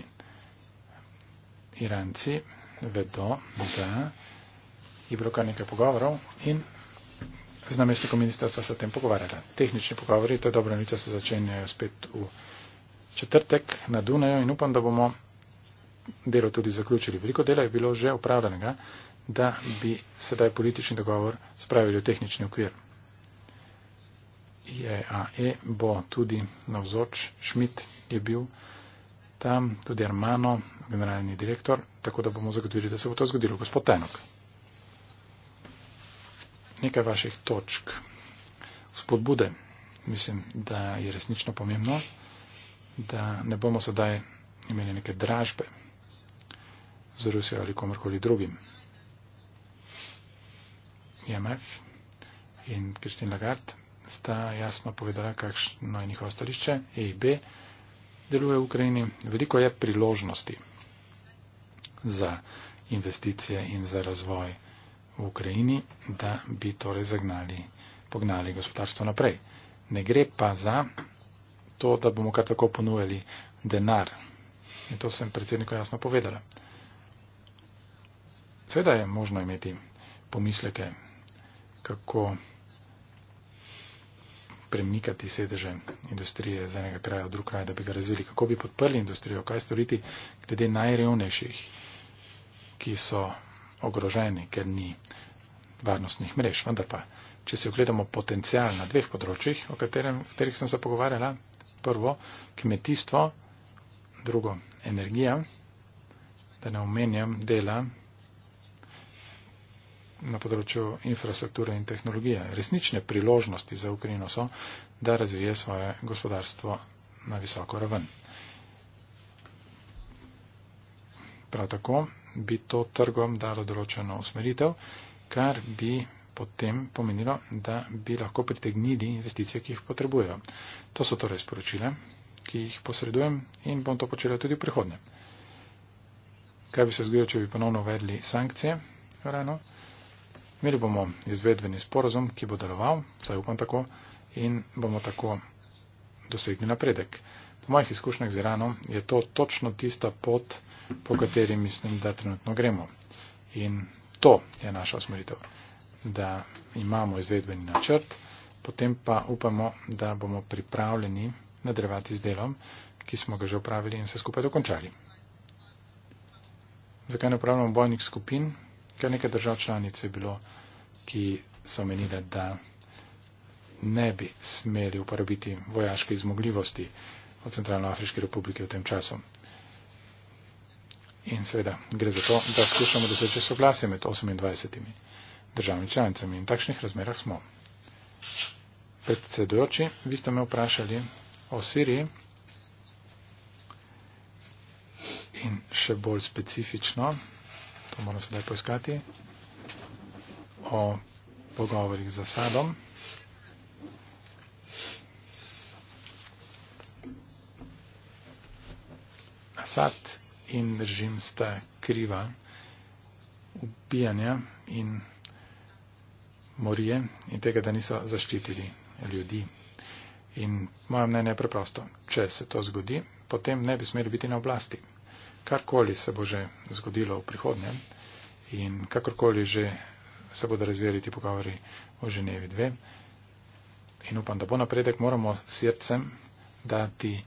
Iranci vedo, da je bilo kar nekaj pogovorov in z namestnikom ministrstva se o tem pogovarjala. Tehnični pogovori, to je dobra novica, se začenjajo spet v četrtek na Dunaju in upam, da bomo delo tudi zaključili. Veliko dela je bilo že upravljenega, da bi sedaj politični dogovor spravili v tehnični okvir. IAE e bo tudi navzoč, Schmidt je bil tam, tudi Armano, generalni direktor, tako da bomo zagotovili, da se bo to zgodilo. Gospod Tenok, nekaj vaših točk spodbude, mislim, da je resnično pomembno, da ne bomo sedaj imeli neke dražbe z Rusijo ali komorkoli drugim. IMF in Christine Lagarde sta jasno povedala, kakšno je njihovo stališče. EIB deluje v Ukrajini. Veliko je priložnosti za investicije in za razvoj v Ukrajini, da bi torej zagnali, pognali gospodarstvo naprej. Ne gre pa za to, da bomo kar tako ponujali denar. In to sem predsedniku jasno povedala. Seveda je možno imeti pomisleke, kako premikati sedeže industrije z enega kraja v drug kraj, da bi ga razvili, kako bi podprli industrijo, kaj storiti glede najrevnejših, ki so ogroženi, ker ni varnostnih mrež. Vendar pa, če si ogledamo potencial na dveh področjih, o katerem, katerih sem se pogovarjala, prvo kmetijstvo, drugo energija, da ne omenjam dela na področju infrastrukture in tehnologije. Resnične priložnosti za Ukrajino so, da razvije svoje gospodarstvo na visoko raven. Prav tako bi to trgom dalo določeno usmeritev, kar bi potem pomenilo, da bi lahko pritegnili investicije, ki jih potrebujejo. To so torej sporočile, ki jih posredujem in bom to počela tudi v prihodnje. Kaj bi se zgodilo, če bi ponovno uvedli sankcije? Rano? Imeli bomo izvedbeni sporozum, ki bo deloval, saj upam tako, in bomo tako dosegli napredek. Po mojih izkušnjah z Iranom je to točno tista pot, po kateri mislim, da trenutno gremo. In to je naša usmeritev, da imamo izvedbeni načrt, potem pa upamo, da bomo pripravljeni nadrevati z delom, ki smo ga že upravili in se skupaj dokončali. Zakaj ne upravljamo bojnih skupin? Kar nekaj držav članice je bilo, ki so menile, da ne bi smeli uporabiti vojaške zmogljivosti od Centralnoafriške republike v tem času. In seveda gre za to, da skušamo doseči soglasje med 28 državnimi članicami in takšnih razmerah smo. Predsedujoči, vi ste me vprašali o Siriji in še bolj specifično to moram sedaj poiskati, o pogovorih za sadom. Sad in režim sta kriva ubijanja in morije in tega, da niso zaščitili ljudi. In moja mnenje je preprosto, če se to zgodi, potem ne bi smeli biti na oblasti karkoli se bo že zgodilo v prihodnem in kakorkoli že se bodo razvijali ti pogovori o Ženevi 2. In upam, da bo napredek, moramo srcem dati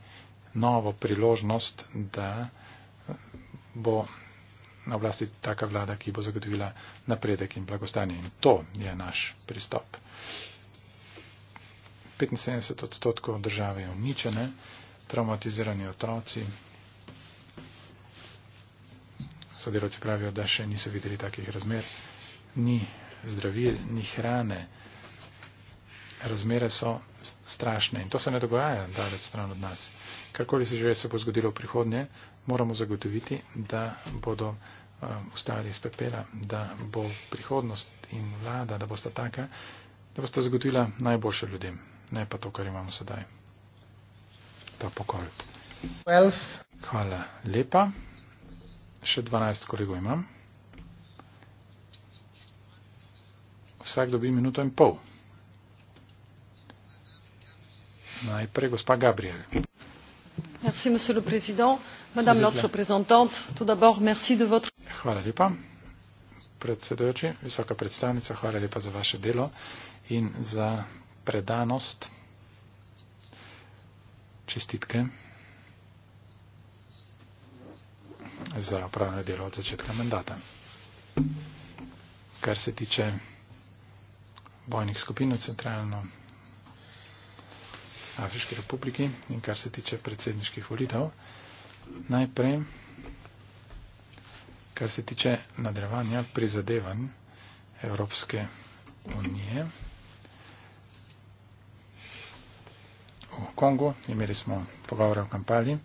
novo priložnost, da bo na oblasti taka vlada, ki bo zagotovila napredek in blagostanje. In to je naš pristop. 75 odstotkov države je uničene, traumatizirani otroci, sodelavci pravijo, da še niso videli takih razmer. Ni zdravil, ni hrane. Razmere so strašne in to se ne dogaja daleč stran od nas. Karkoli se že se bo zgodilo v prihodnje, moramo zagotoviti, da bodo ustali eh, iz pepela, da bo prihodnost in vlada, da bosta taka, da bosta zagotovila najboljše ljudem, ne pa to, kar imamo sedaj. Ta pokol. Hvala lepa še 12 kolegov imam. Vsak dobi minuto in pol. Najprej gospa Gabriel. Merci, monsieur le président. Madame la représentante, tout d'abord, merci de votre... Hvala lepa, predsedujoči, visoka predstavnica, hvala lepa za vaše delo in za predanost. Čestitke. za upravljanje delo od začetka mandata. Kar se tiče bojnih skupin v centralno Afriški republiki in kar se tiče predsedniških volitev, najprej, kar se tiče nadrevanja prizadevanj Evropske unije, V Kongu imeli smo pogovore v kampanji.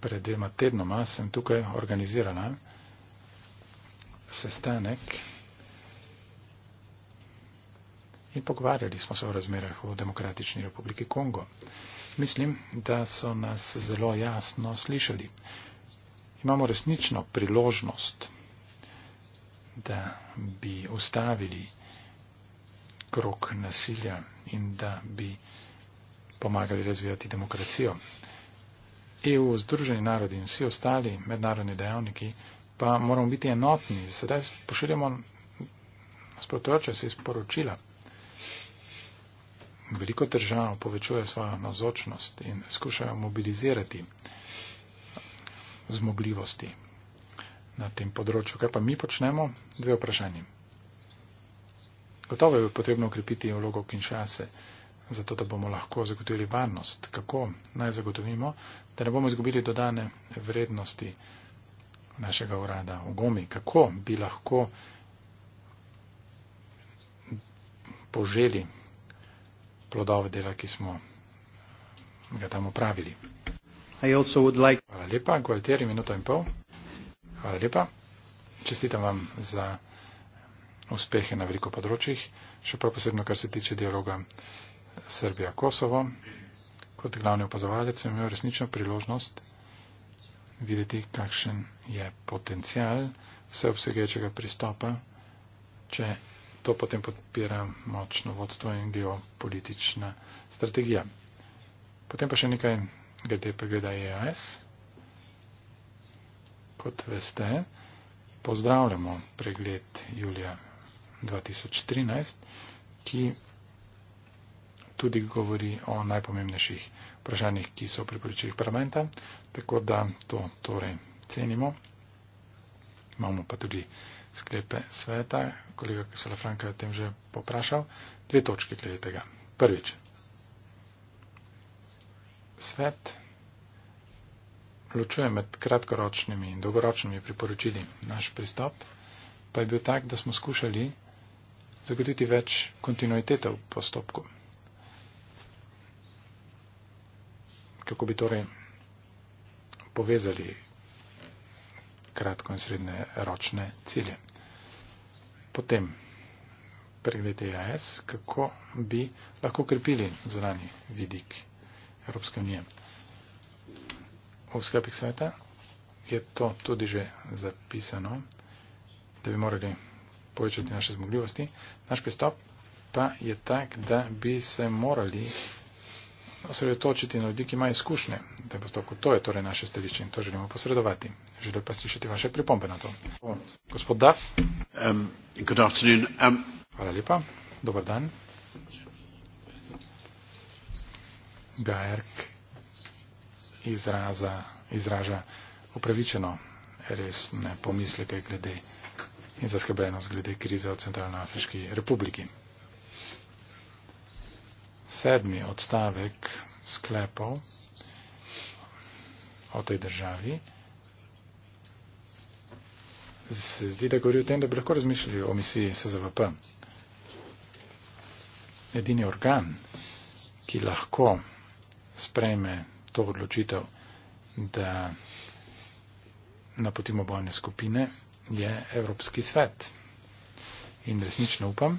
pred dvema tednoma sem tukaj organizirala sestanek in pogovarjali smo se o razmerah v Demokratični republiki Kongo. Mislim, da so nas zelo jasno slišali. Imamo resnično priložnost, da bi ustavili krok nasilja in da bi pomagali razvijati demokracijo. EU, Združeni narodi in vsi ostali mednarodni dejavniki, pa moramo biti enotni. Sedaj pošiljamo nasprotujoče se izporočila. Veliko držav povečuje svojo nazočnost in skušajo mobilizirati zmogljivosti na tem področju. Kaj pa mi počnemo? Dve vprašanji. Gotovo je potrebno ukrepiti vlogo Kinshase zato da bomo lahko zagotovili varnost. Kako naj zagotovimo, da ne bomo izgubili dodane vrednosti našega urada v gomi? Kako bi lahko poželi plodove dela, ki smo ga tam upravili? Like... Hvala lepa, Gualtieri, minuto in pol. Hvala lepa. Čestitam vam za uspehe na veliko področjih, še prav posebno, kar se tiče dialoga. Srbija Kosovo. Kot glavni opazovalec sem imel resnično priložnost videti, kakšen je potencial vseobsegečega pristopa, če to potem podpira močno vodstvo in geopolitična strategija. Potem pa še nekaj glede pregleda EAS. Kot veste, pozdravljamo pregled julija 2013, ki tudi govori o najpomembnejših vprašanjih, ki so priporočili parlamenta. Tako da to torej cenimo. Imamo pa tudi sklepe sveta. Kolega Kasala Franka je o tem že poprašal. Dve točke glede tega. Prvič. Svet ločuje med kratkoročnimi in dolgoročnimi priporočili. Naš pristop pa je bil tak, da smo skušali zagotoviti več kontinuitete v postopku. kako bi torej povezali kratko in srednje ročne cilje. Potem pregled EAS, kako bi lahko krepili zunani vidik Evropske unije. V sklepih sveta je to tudi že zapisano, da bi morali povečati naše zmogljivosti. Naš pristop pa je tak, da bi se morali osredotočiti na ljudi, ki imajo izkušnje, da bo to, to je torej naše stališče in to želimo posredovati. Želim pa slišati vaše pripombe na to. Gospod Duff. Um, um Hvala lepa. Dobar dan. Gajerk izraza, izraža upravičeno resne pomisleke glede in zaskrbljenost glede krize v Centralnoafriški republiki sedmi odstavek sklepov o tej državi. Se zdi, da govori o tem, da bi lahko razmišljali o misiji SZVP. Edini organ, ki lahko sprejme to odločitev, da napotimo bojne skupine, je Evropski svet. In resnično upam,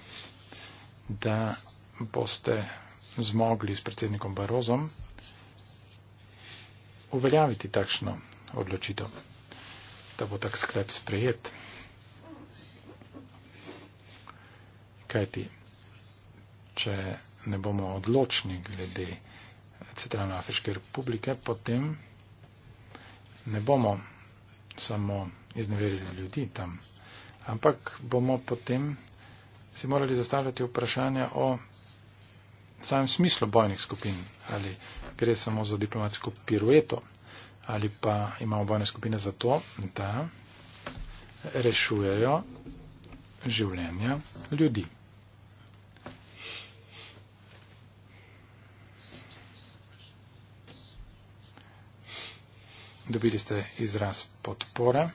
da boste zmogli s predsednikom Barozom uveljaviti takšno odločitev, da bo tak sklep sprejet. Kajti, če ne bomo odločni glede Centralne Afriške republike, potem ne bomo samo izneverili ljudi tam, ampak bomo potem si morali zastavljati vprašanja o samem smislu bojnih skupin, ali gre samo za diplomatsko pirueto, ali pa imamo bojne skupine zato, da rešujejo življenja ljudi. Dobili ste izraz podpore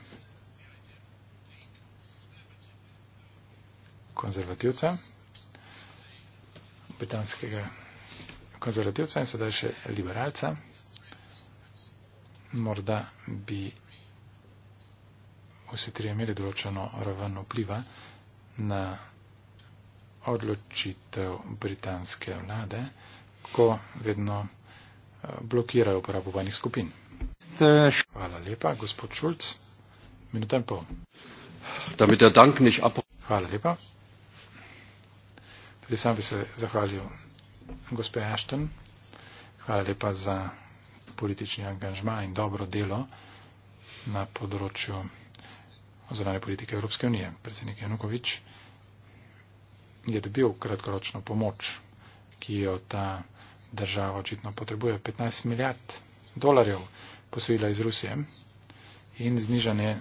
konzervativca britanskega konzervativca in sedaj še liberalca. Morda bi vsi tri imeli določeno raven vpliva na odločitev britanske vlade, ko vedno eh, blokirajo uporabo vojnih skupin. Hvala lepa, gospod Šulc. Minuta in pol. Hvala lepa. Tudi sam bi se zahvalil gospe Ashton. Hvala lepa za politični angažma in dobro delo na področju ozornane politike Evropske unije. Predsednik Janukovič je dobil kratkoročno pomoč, ki jo ta država očitno potrebuje. 15 milijard dolarjev posojila iz Rusije in znižanje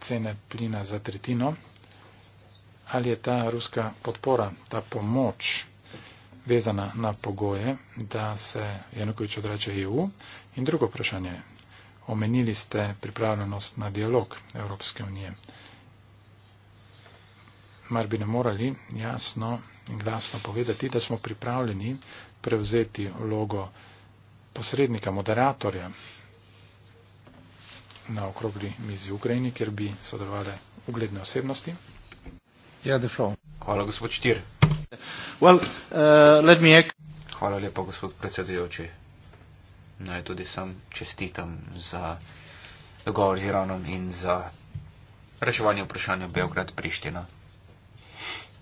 cene plina za tretjino ali je ta ruska podpora, ta pomoč vezana na pogoje, da se Janukovič odrače EU. In drugo vprašanje je, omenili ste pripravljenost na dialog Evropske unije. Mar bi ne morali jasno in glasno povedati, da smo pripravljeni prevzeti vlogo posrednika, moderatorja na okrogli mizi v Ukrajini, kjer bi sodelovali ugledne osebnosti. Ja, Hvala, gospod Štir. Well, uh, Hvala lepa, gospod predsedujoči. Naj tudi sam čestitam za dogovor z Iranom in za reševanje vprašanja Beograd-Priština.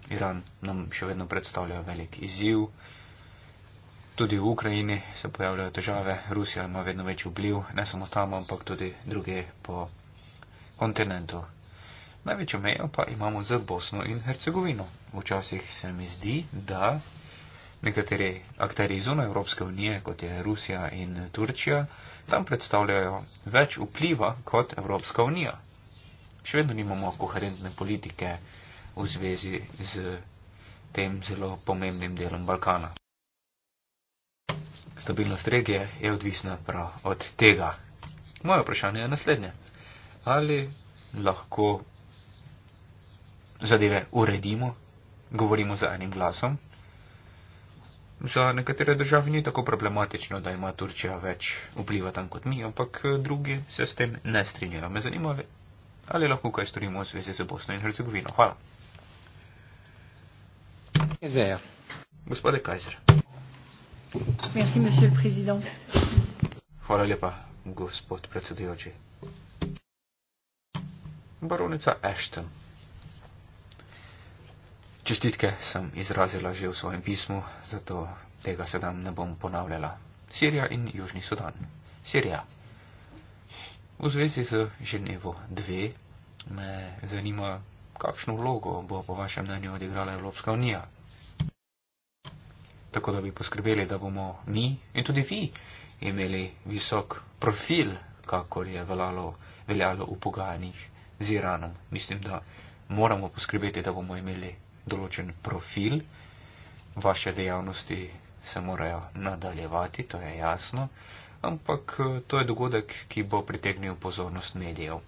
Iran nam še vedno predstavlja velik izziv. Tudi v Ukrajini se pojavljajo težave. Rusija ima vedno več vpliv, ne samo tam, ampak tudi druge po kontinentu. Največjo mejo pa imamo z Bosno in Hercegovino. Včasih se mi zdi, da nekateri akteri zunaj Evropske unije, kot je Rusija in Turčija, tam predstavljajo več vpliva kot Evropska unija. Še vedno nimamo koherentne politike v zvezi z tem zelo pomembnim delom Balkana. Stabilnost regije je odvisna prav od tega. Moje vprašanje je naslednje. Ali lahko zadeve uredimo, govorimo z enim glasom. Za nekatere države ni tako problematično, da ima Turčija več vpliva tam kot mi, ampak eh, drugi se s tem ne strinjajo. Me zanima, ali lahko kaj storimo v zvezi z Bosno in Hercegovino. Hvala. Zeja. Gospode Kajzer. Merci, monsieur le président. Hvala lepa, gospod predsedujoči. Baronica Ashton. Čestitke sem izrazila že v svojem pismu, zato tega sedaj ne bom ponavljala. Sirija in Južni Sudan. Sirija. V zvezi z Ženevo 2 me zanima, kakšno vlogo bo po vašem mnenju odigrala Evropska unija. Tako da bi poskrbeli, da bomo mi in tudi vi imeli visok profil, kakor je veljalo, veljalo v pogajanjih z Iranom. Mislim, da moramo poskrbeti, da bomo imeli določen profil, vaše dejavnosti se morajo nadaljevati, to je jasno, ampak eh, to je dogodek, ki bo pritegnil pozornost medijev.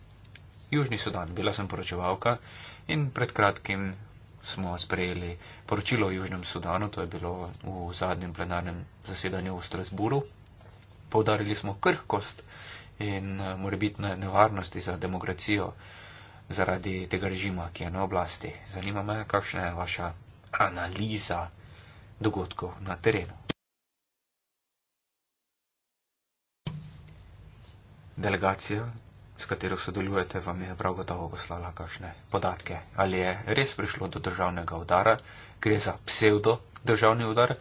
Južni Sudan, bila sem poročevalka in pred kratkim smo sprejeli poročilo o Južnem Sudanu, to je bilo v zadnjem plenarnem zasedanju v Strasburu. Poudarili smo krhkost in eh, morebitne nevarnosti za demokracijo zaradi tega režima, ki je na oblasti. Zanima me, kakšna je vaša analiza dogodkov na terenu. Delegacija, s katero sodelujete, vam je prav gotovo poslala kakšne podatke. Ali je res prišlo do državnega udara, gre za psevdo državni udar,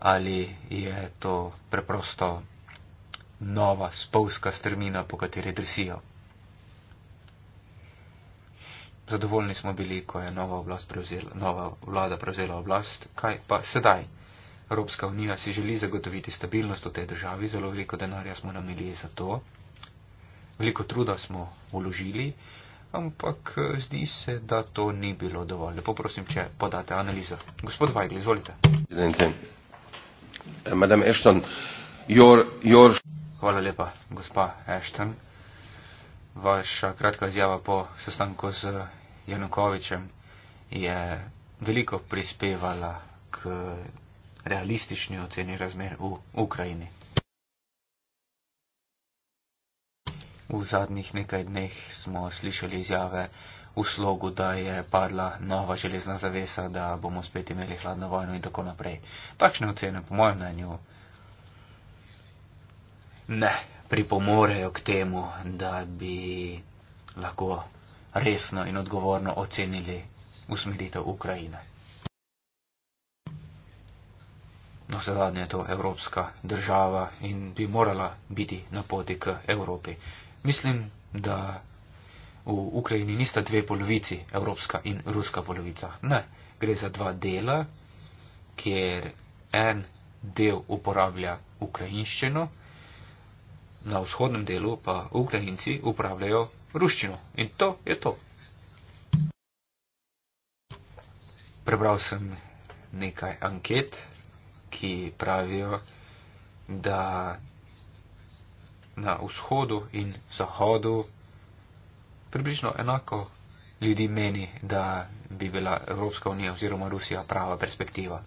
ali je to preprosto nova spolska strmina, po kateri drsijo zadovoljni smo bili, ko je nova, prevzela, nova vlada prevzela oblast. Kaj pa sedaj? Evropska unija si želi zagotoviti stabilnost v tej državi, zelo veliko denarja smo namili za to, veliko truda smo uložili, ampak eh, zdi se, da to ni bilo dovolj. Lepo prosim, če podate analizo. Gospod Vajgl, izvolite. Eh, Hvala lepa, gospa Ashton vaša kratka izjava po sestanku z Janukovičem je veliko prispevala k realistični oceni razmer v Ukrajini. V zadnjih nekaj dneh smo slišali izjave v slogu, da je padla nova železna zavesa, da bomo spet imeli hladno vojno in tako naprej. Takšne ocene, po mojem mnenju, ne, pripomorejo k temu, da bi lahko resno in odgovorno ocenili usmeritev Ukrajine. No, zadnje je to evropska država in bi morala biti na poti k Evropi. Mislim, da v Ukrajini nista dve polovici, evropska in ruska polovica. Ne, gre za dva dela, kjer en del uporablja ukrajinščino, na vzhodnem delu pa Ukrajinci upravljajo ruščino. In to je to. Prebral sem nekaj anket, ki pravijo, da na vzhodu in zahodu približno enako ljudi meni, da bi bila Evropska unija oziroma Rusija prava perspektiva.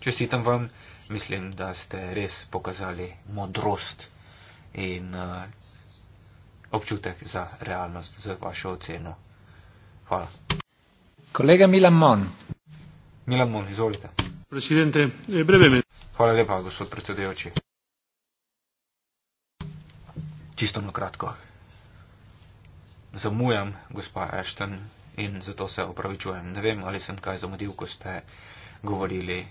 Čestitam vam, mislim, da ste res pokazali modrost in uh, občutek za realnost, za vašo oceno. Hvala. Kolega Milan Mon. Milan Mon, izvolite. Presidente, eh, breve mi. Hvala lepa, gospod predsedujoči. Čisto na kratko. Zamujam, gospa Ashton, in zato se opravičujem. Ne vem, ali sem kaj zamudil, ko ste govorili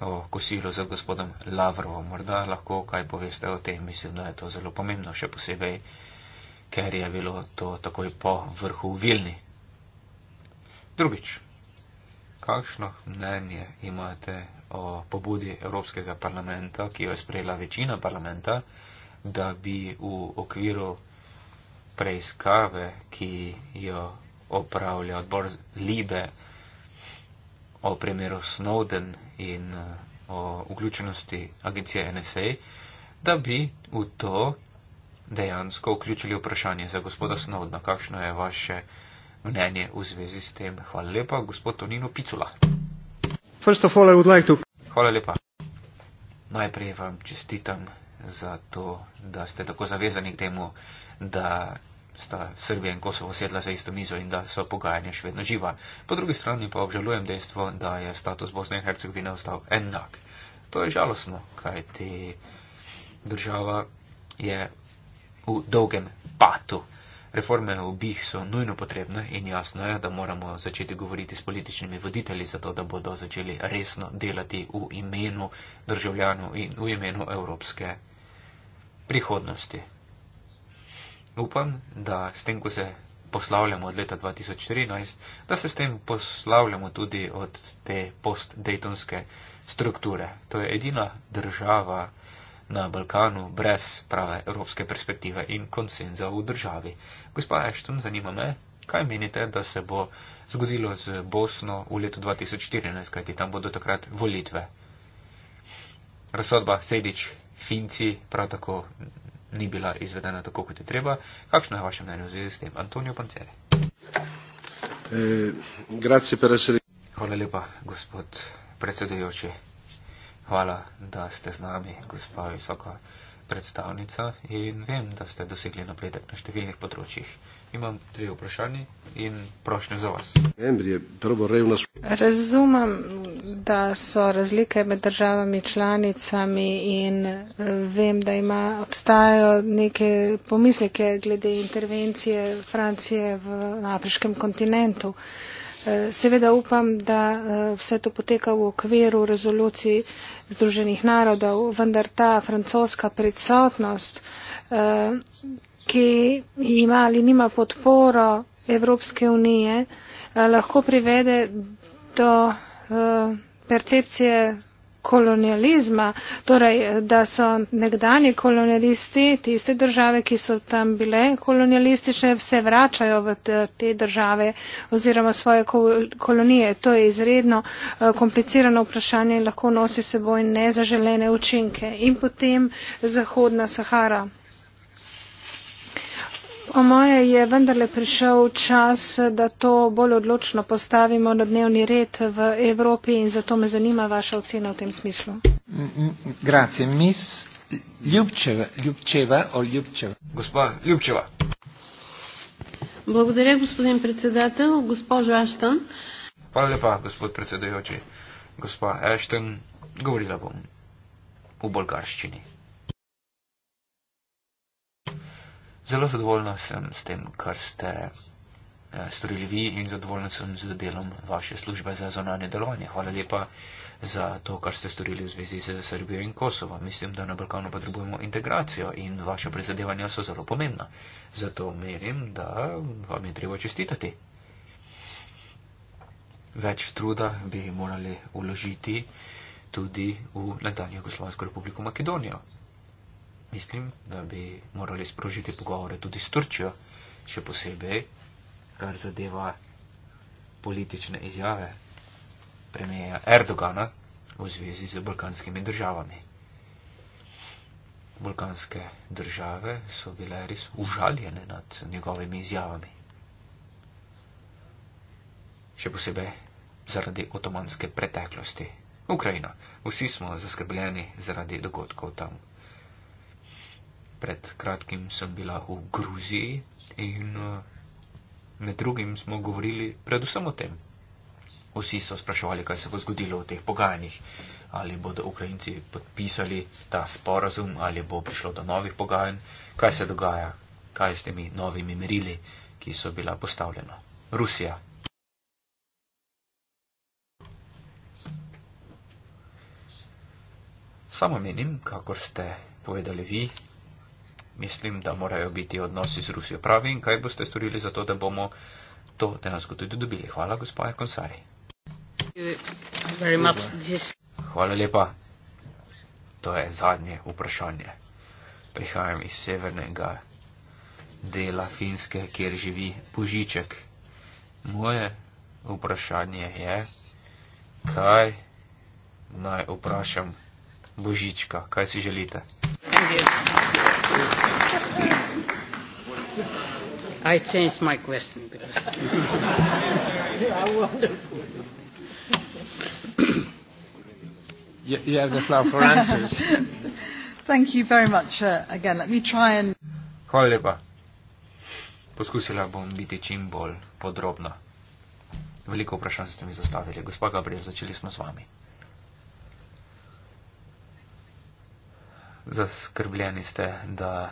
o kosilu za gospodom Lavrovom. Morda lahko kaj poveste o tem, mislim, da je to zelo pomembno, še posebej, ker je bilo to takoj po vrhu Vilni. Drugič, kakšno mnenje imate o pobudi Evropskega parlamenta, ki jo je sprejela večina parlamenta, da bi v okviru preiskave, ki jo opravlja odbor Libe, o primeru Snowden in eh, o vključenosti agencije NSA, da bi v to dejansko vključili vprašanje za gospoda Snowdena. Kakšno je vaše mnenje v zvezi s tem? Hvala lepa, gospod Tonino Picula. All, like to... Hvala lepa. Najprej vam čestitam za to, da ste tako zavezani k temu, da sta Srbija in Kosovo sedla za isto mizo in da so pogajanja še vedno živa. Po drugi strani pa obžalujem dejstvo, da je status Bosne in Hercegovine ostal enak. To je žalostno, kajti država je v dolgem patu. Reforme v BIH so nujno potrebne in jasno je, da moramo začeti govoriti s političnimi voditelji, zato da bodo začeli resno delati v imenu državljanov in v imenu evropske prihodnosti upam, da s tem, ko se poslavljamo od leta 2014, da se s tem poslavljamo tudi od te post-dejtonske strukture. To je edina država na Balkanu brez prave evropske perspektive in konsenza v državi. Gospa Ashton, zanima me, kaj menite, da se bo zgodilo z Bosno v letu 2014, kajti tam bodo takrat volitve. Razsodba Sedič, Finci, prav tako ni bila izvedena tako, kot je treba. Kakšno je vaše mnenje v zvezi s tem? Antonijo Panceri. Eh, Hvala lepa, gospod predsedujoči. Hvala, da ste z nami, gospa visoka predstavnica in vem, da ste dosegli napredek na številnih področjih. Imam tri vprašanje in prošnje za vas. Razumem, da so razlike med državami članicami in eh, vem, da ima, obstajajo neke pomisleke glede intervencije Francije v afriškem kontinentu. Uh, Eh, seveda upam, da eh, vse to poteka v okviru rezoluciji Združenih narodov, vendar ta francoska prisotnost, eh, ki ima ali nima podporo Evropske unije, lahko privede do percepcije kolonializma, torej da so nekdani kolonialisti, tiste države, ki so tam bile kolonialistične, se vračajo v te države oziroma svoje kolonije. To je izredno eh, komplicirano vprašanje in lahko nosi seboj nezaželene učinke. In potem Zahodna Sahara. Po moje je vendarle prišel čas, da to bolj odločno postavimo na dnevni red v Evropi in zato me zanima vaša ocena v tem smislu. Mm, mm, grazie, mis Ljubčeva, Ljubčeva, o Ljubčeva. Gospa Ljubčeva. Благодаря, господин председател. Госпожо Аштън. Пале лепа, господ председател, госпожа Аштън, говорила бом у българщини. Zelo zadovoljna sem s tem, kar ste eh, storili vi in zadovoljna sem z delom vaše službe za zonanje delovanje. Hvala lepa za to, kar ste storili v zvezi z Srbijo in Kosovo. Mislim, da na Balkanu potrebujemo integracijo in vaše prizadevanja so zelo pomembna. Zato merim, da vam je treba čestitati. Več truda bi morali uložiti tudi v nadaljnjo Jugoslovansko republiko Makedonijo mislim, da bi morali sprožiti pogovore tudi s Turčijo, še posebej, kar zadeva politične izjave premijeja Erdogana v zvezi z balkanskimi državami. Balkanske države so bile res užaljene nad njegovimi izjavami. Še posebej zaradi otomanske preteklosti. Ukrajina. Vsi smo zaskrbljeni zaradi dogodkov tam pred kratkim sem bila v Gruziji in eh, med drugim smo govorili predvsem o tem. Vsi so spraševali, kaj se bo zgodilo v teh pogajanjih, ali bodo Ukrajinci podpisali ta sporazum, ali bo prišlo do novih pogajanj, kaj se dogaja, kaj s temi novimi merili, ki so bila postavljena. Rusija. Samo menim, kakor ste povedali vi, mislim, da morajo biti odnosi z Rusijo pravi in kaj boste storili za to, da bomo to dejansko tudi dobili. Hvala, gospod Konsari. Hvala lepa. To je zadnje vprašanje. Prihajam iz severnega dela Finske, kjer živi Božiček. Moje vprašanje je, kaj naj vprašam Božička, kaj si želite? I changed my question. you have the floor for answers. Thank you very much uh, again. Let me try and. Hvala lepa. Poskusila bom biti čim bolj podrobna. Veliko vprašanj ste mi zastavili. Gospa Gabriel, začeli smo z vami. zaskrbljeni ste, da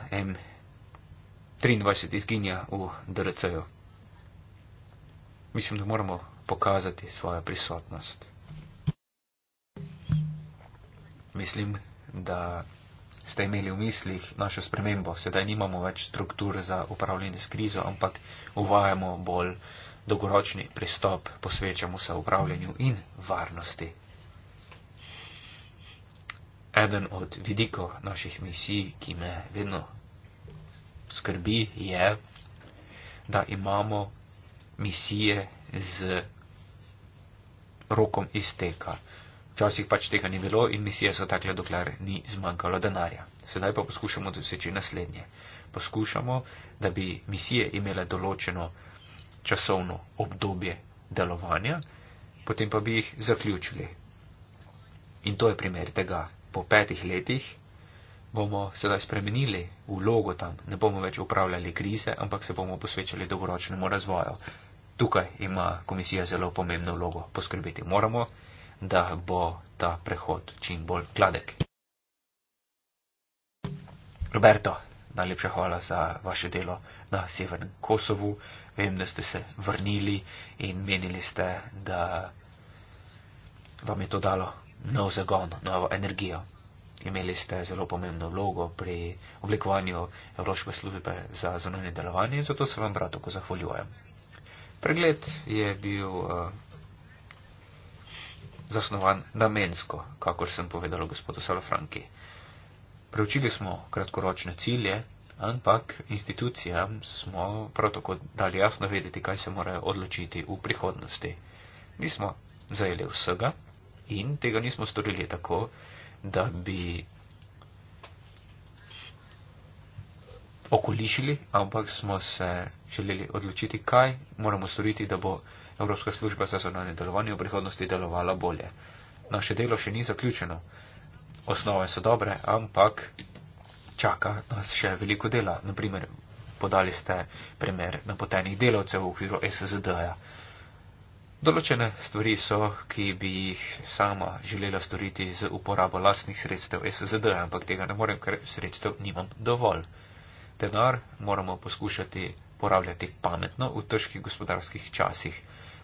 M23 izginja v DRC-ju. Mislim, da moramo pokazati svojo prisotnost. Mislim, da ste imeli v mislih našo spremembo. Sedaj nimamo več struktur za upravljanje s krizo, ampak uvajamo bolj dolgoročni pristop, posvečamo se upravljanju in varnosti eden od vidikov naših misij, ki me vedno skrbi, je, da imamo misije z rokom izteka. Včasih pač tega ni bilo in misije so takle, dokler ni zmanjkalo denarja. Sedaj pa poskušamo doseči naslednje. Poskušamo, da bi misije imele določeno časovno obdobje delovanja, potem pa bi jih zaključili. In to je primer tega, po petih letih bomo sedaj spremenili vlogo tam, ne bomo več upravljali krize, ampak se bomo posvečali dolgoročnemu razvoju. Tukaj ima komisija zelo pomembno vlogo poskrbeti. Moramo, da bo ta prehod čim bolj gladek. Roberto, najlepša hvala za vaše delo na Severnem Kosovu. Vem, da ste se vrnili in menili ste, da vam je to dalo nov zagon, novo energijo. Imeli ste zelo pomembno vlogo pri oblikovanju Evropske službe za zunanje delovanje in zato se vam brat tako zahvaljujem. Pregled je bil uh, zasnovan namensko, kakor sem povedal gospodu Salafranki. Preučili smo kratkoročne cilje, ampak institucijam smo prav tako dali jasno vedeti, kaj se morajo odločiti v prihodnosti. Nismo zajeli vsega. In tega nismo storili tako, da bi okolišili, ampak smo se želeli odločiti, kaj moramo storiti, da bo Evropska služba za zonanje delovanje v prihodnosti delovala bolje. Naše delo še ni zaključeno. Osnove so dobre, ampak čaka nas še veliko dela. Naprimer, podali ste primer napotenih delavcev v okviru SSD-ja. Določene stvari so, ki bi jih sama želela storiti z uporabo lastnih sredstev SZD, ampak tega ne morem, ker sredstev nimam dovolj. Denar moramo poskušati porabljati pametno v težkih gospodarskih časih.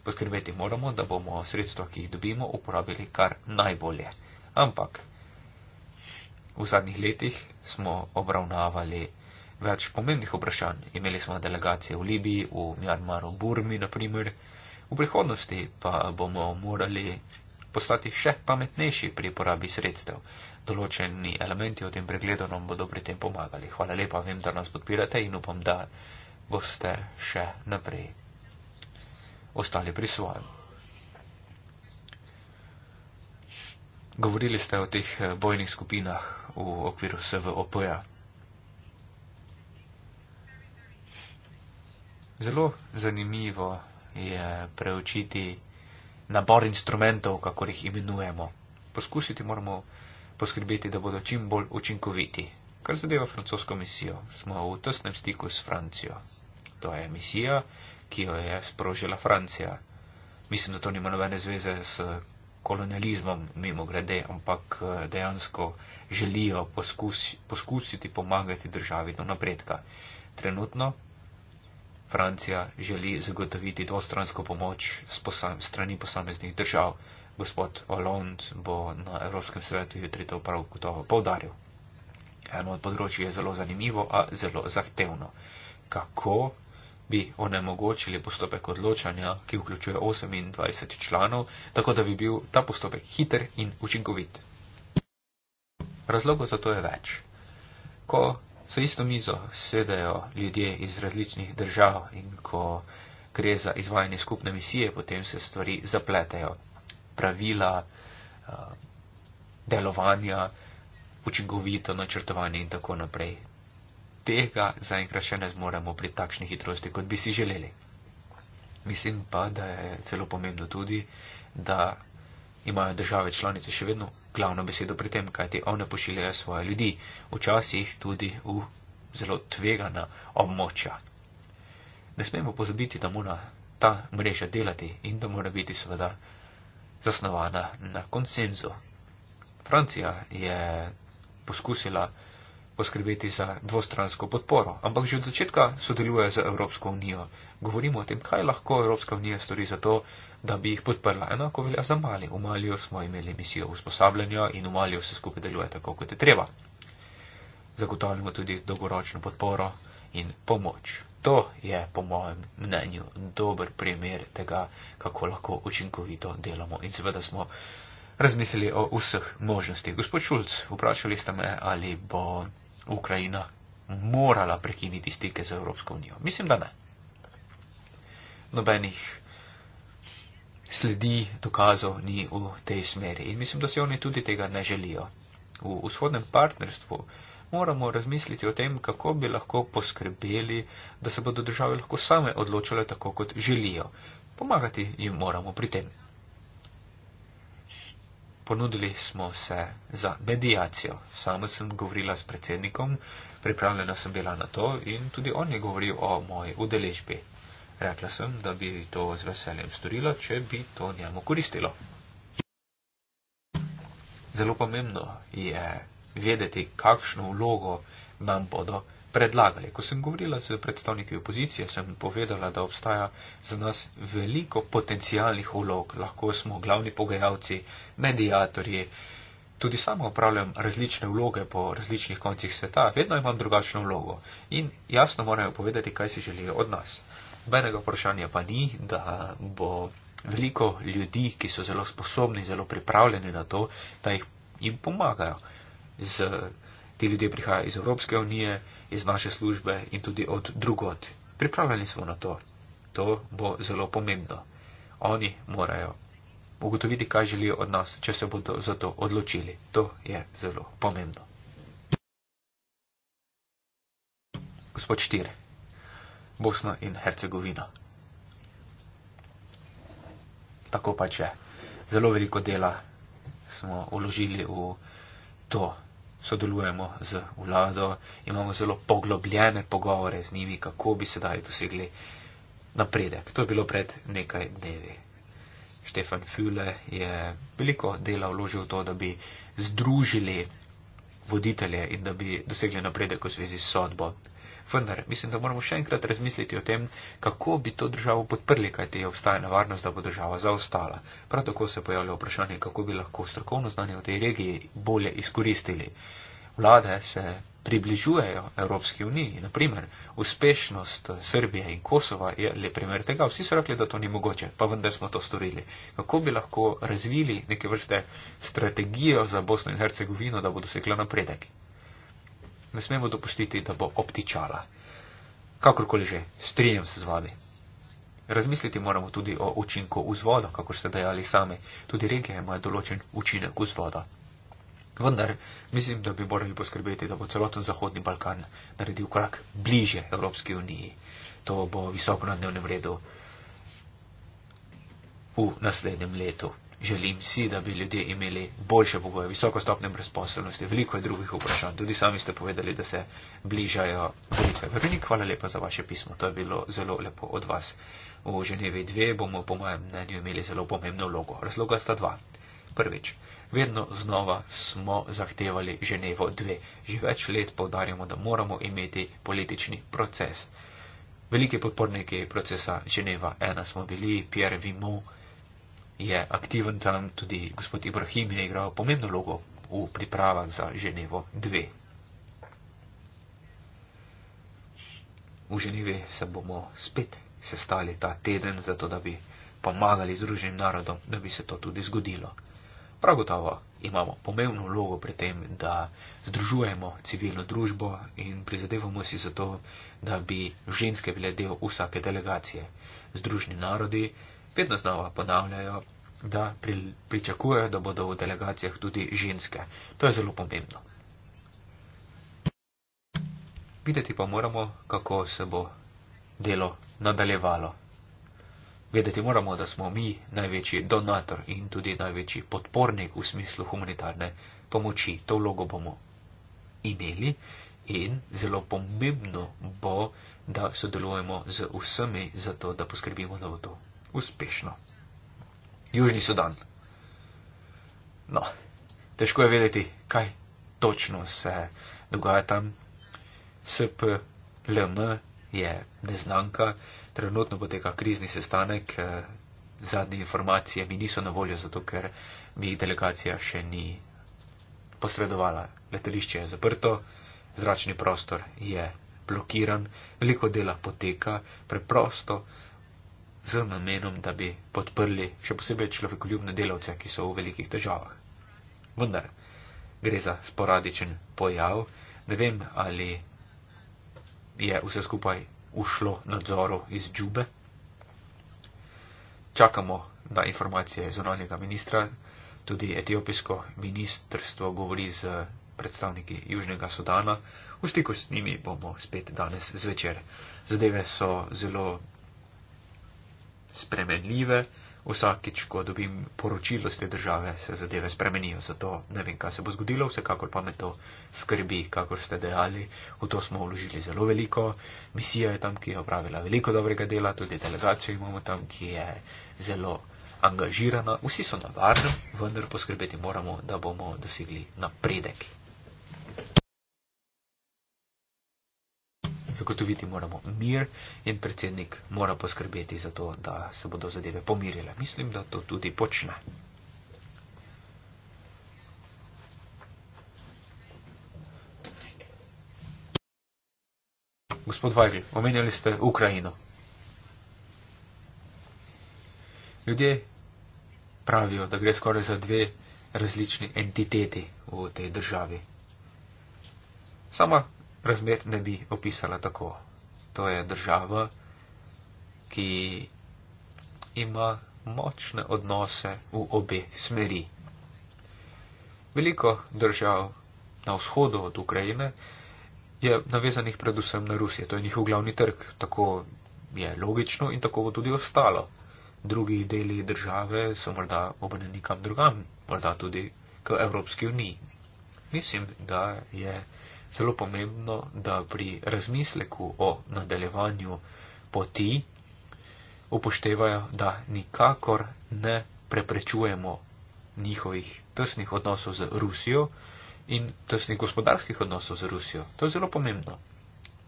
Poskrbeti moramo, da bomo sredstva, ki jih dobimo, uporabili kar najbolje. Ampak v zadnjih letih smo obravnavali več pomembnih vprašanj. Imeli smo delegacije v Libiji, v Mjanmaru, Burmi, naprimer. V prihodnosti pa bomo morali postati še pametnejši pri porabi sredstev. Določeni elementi v tem pregledu nam bodo pri tem pomagali. Hvala lepa, vem, da nas podpirate in upam, da boste še naprej ostali pri svojem. Govorili ste o teh eh, bojnih skupinah v okviru SVOP-ja. Zelo zanimivo je preučiti nabor instrumentov, kako jih imenujemo. Poskusiti moramo poskrbeti, da bodo čim bolj učinkoviti. Kar zadeva francosko misijo, smo v tesnem stiku s Francijo. To je misija, ki jo je sprožila Francija. Mislim, da to nima nobene zveze s kolonializmom, mimo grede, ampak eh, dejansko želijo poskus, poskusiti pomagati državi do napredka. Trenutno Francija želi zagotoviti dvostransko pomoč posam, strani posameznih držav. Gospod Hollande bo na Evropskem svetu jutri to prav gotovo povdaril. Eno od področji je zelo zanimivo, a zelo zahtevno. Kako bi onemogočili postopek odločanja, ki vključuje 28 članov, tako da bi bil ta postopek hiter in učinkovit? Razlogov za to je več. Ko Za isto mizo sedajo ljudje iz različnih držav in ko gre za izvajanje skupne misije, potem se stvari zapletejo. Pravila, eh, delovanja, učinkovito načrtovanje in tako naprej. Tega zaenkrat še ne zmoremo pri takšni hitrosti, kot bi si želeli. Mislim pa, da je celo pomembno tudi, da imajo države članice še vedno glavno besedo pri tem, kajti one pošiljajo svoje ljudi, včasih tudi v zelo tvegana območja. Ne smemo pozabiti, da mora ta mreža delati in da mora biti seveda zasnovana na konsenzu. Francija je poskusila poskrbeti za dvostransko podporo, ampak že od začetka sodeluje z Evropsko unijo. Govorimo o tem, kaj lahko Evropska unija stori za to, da bi jih podprla. Enako velja za Mali. V Maliju smo imeli misijo usposabljanja in v Maliju vse skupaj deluje tako, kot je treba. Zagotavljamo tudi dolgoročno podporo in pomoč. To je, po mojem mnenju, dober primer tega, kako lahko učinkovito delamo. In seveda smo razmislili o vseh možnostih. Gospod Šulc, vprašali ste me, ali bo Ukrajina morala prekiniti stike z Evropsko unijo. Mislim, da ne. Nobenih sledi dokazov ni v tej smeri. In mislim, da si oni tudi tega ne želijo. V vzhodnem partnerstvu moramo razmisliti o tem, kako bi lahko poskrbeli, da se bodo države lahko same odločile tako, kot želijo. Pomagati jim moramo pri tem. Ponudili smo se za medijacijo. Sama sem govorila s predsednikom, pripravljena sem bila na to in tudi on je govoril o moji udeležbi. Rekla sem, da bi to z veseljem storila, če bi to njemu koristilo. Zelo pomembno je vedeti, kakšno vlogo nam bodo predlagali. Ko sem govorila z predstavniki opozicije, sem povedala, da obstaja za nas veliko potencijalnih vlog. Lahko smo glavni pogajalci, medijatorji. Tudi sama upravljam različne vloge po različnih koncih sveta, vedno imam drugačno vlogo in jasno morajo povedati, kaj si želijo od nas. Benega vprašanja pa ni, da bo veliko ljudi, ki so zelo sposobni, zelo pripravljeni na to, da jih jim pomagajo. Z, ti ljudje prihajajo iz Evropske unije, iz naše službe in tudi od drugot. Pripravljeni smo na to. To bo zelo pomembno. Oni morajo ugotoviti, kaj želijo od nas, če se bodo za to odločili. To je zelo pomembno. Gospod 4. Bosno in Hercegovino. Tako pač je. Zelo veliko dela smo uložili v to, sodelujemo z vlado, imamo zelo poglobljene pogovore z njimi, kako bi se dali dosegli napredek. To je bilo pred nekaj dnevi. Štefan Füle je veliko dela vložil v to, da bi združili voditelje in da bi dosegli napredek v zvezi s sodbo Vendar mislim, da moramo še enkrat razmisliti o tem, kako bi to državo podprli, kajti obstaja nevarnost, da bo država zaostala. Prav tako se pojavlja vprašanje, kako bi lahko strokovno znanje v tej regiji bolje izkoristili. Vlade se približujejo Evropski uniji. Naprimer, uspešnost Srbije in Kosova je le primer tega. Vsi so rekli, da to ni mogoče, pa vendar smo to storili. Kako bi lahko razvili neke vrste strategijo za Bosno in Hercegovino, da bo dosegla napredek? ne smemo dopustiti, da bo obtičala. Kakorkoli že, strinjam se z vami. Razmisliti moramo tudi o učinku vzvoda, kako ste dejali sami, tudi regije imajo določen učinek vzvoda. Vendar mislim, da bi morali poskrbeti, da bo celoten Zahodni Balkan naredil korak bliže Evropski uniji. To bo visoko na dnevnem redu v naslednjem letu. Želim si, da bi ljudje imeli boljše pogoje, visoko stopnje brezposelnosti, veliko je drugih vprašanj. Tudi sami ste povedali, da se bližajo volitve. Veliko hvala lepa za vaše pismo, to je bilo zelo lepo od vas. V Ženevi 2 bomo, po mojem mnenju, imeli zelo pomembno vlogo. Razloga sta dva. Prvič, vedno znova smo zahtevali Ženevo 2. Že več let povdarjamo, da moramo imeti politični proces. Veliki podporniki procesa Ženeva 1 smo bili, Pierre Vimont je aktiven tam tudi gospod Ibrahim je igral pomembno logo v pripravah za Ženevo 2. V Ženevi se bomo spet sestali ta teden, zato da bi pomagali Združenim narodom, da bi se to tudi zgodilo. Prav gotovo imamo pomembno vlogo pri tem, da združujemo civilno družbo in prizadevamo si za to, da bi ženske bile del vsake delegacije. Združni narodi vedno znova ponavljajo, da pri, pričakujejo, da bodo v delegacijah tudi ženske. To je zelo pomembno. Videti pa moramo, kako se bo delo nadaljevalo. Vedeti moramo, da smo mi največji donator in tudi največji podpornik v smislu humanitarne pomoči. To vlogo bomo imeli in zelo pomembno bo, da sodelujemo z vsemi za to, da poskrbimo, da bo to uspešno. Južni Sudan. No, težko je vedeti, kaj točno se dogaja tam. SPLM je neznanka, trenutno poteka krizni sestanek, eh, zadnje informacije mi niso na voljo, zato ker mi jih delegacija še ni posredovala. Letališče je zaprto, zračni prostor je blokiran, veliko dela poteka, preprosto z namenom, da bi podprli še posebej človekoljubne delavce, ki so v velikih težavah. Vendar gre za sporadičen pojav, ne vem, ali je vse skupaj ušlo nadzoru iz džube. Čakamo na informacije zunanjega ministra, tudi etiopijsko ministrstvo govori z predstavniki Južnega Sudana, v stiku s njimi bomo spet danes zvečer. Zadeve so zelo spremenljive, vsakič, ko dobim poročilo z te države, se zadeve spremenijo. Zato ne vem, kaj se bo zgodilo, vsekakor pa me to skrbi, kakor ste dejali. V to smo vložili zelo veliko. Misija je tam, ki je opravila veliko dobrega dela, tudi delegacijo imamo tam, ki je zelo. Angažirana, vsi so na varnem, vendar poskrbeti moramo, da bomo dosegli napredek, zagotoviti moramo mir in predsednik mora poskrbeti za to, da se bodo zadeve pomirile. Mislim, da to tudi počne. Gospod Vajgl, omenjali ste Ukrajino. Ljudje pravijo, da gre skoraj za dve različni entiteti v tej državi. Sama razmer ne bi opisala tako. To je država, ki ima močne odnose v obe smeri. Veliko držav na vzhodu od Ukrajine je navezanih predvsem na Rusijo. To je njihov glavni trg. Tako je logično in tako bo tudi ostalo. Drugi deli države so morda obrnjeni kam drugam, morda tudi k Evropski uniji. Mislim, da je zelo pomembno, da pri razmisleku o nadaljevanju poti upoštevajo, da nikakor ne preprečujemo njihovih tesnih odnosov z Rusijo in tesnih gospodarskih odnosov z Rusijo. To je zelo pomembno.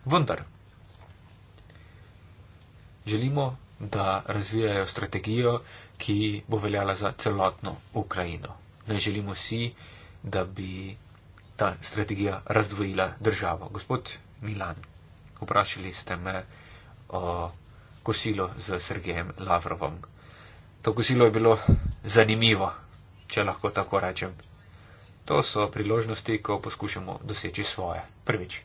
Vendar želimo, da razvijajo strategijo, ki bo veljala za celotno Ukrajino. Ne želimo si, da bi ta strategija razdvojila državo. Gospod Milan, vprašali ste me o kosilo z Sergejem Lavrovom. To kosilo je bilo zanimivo, če lahko tako rečem. To so priložnosti, ko poskušamo doseči svoje. Prvič,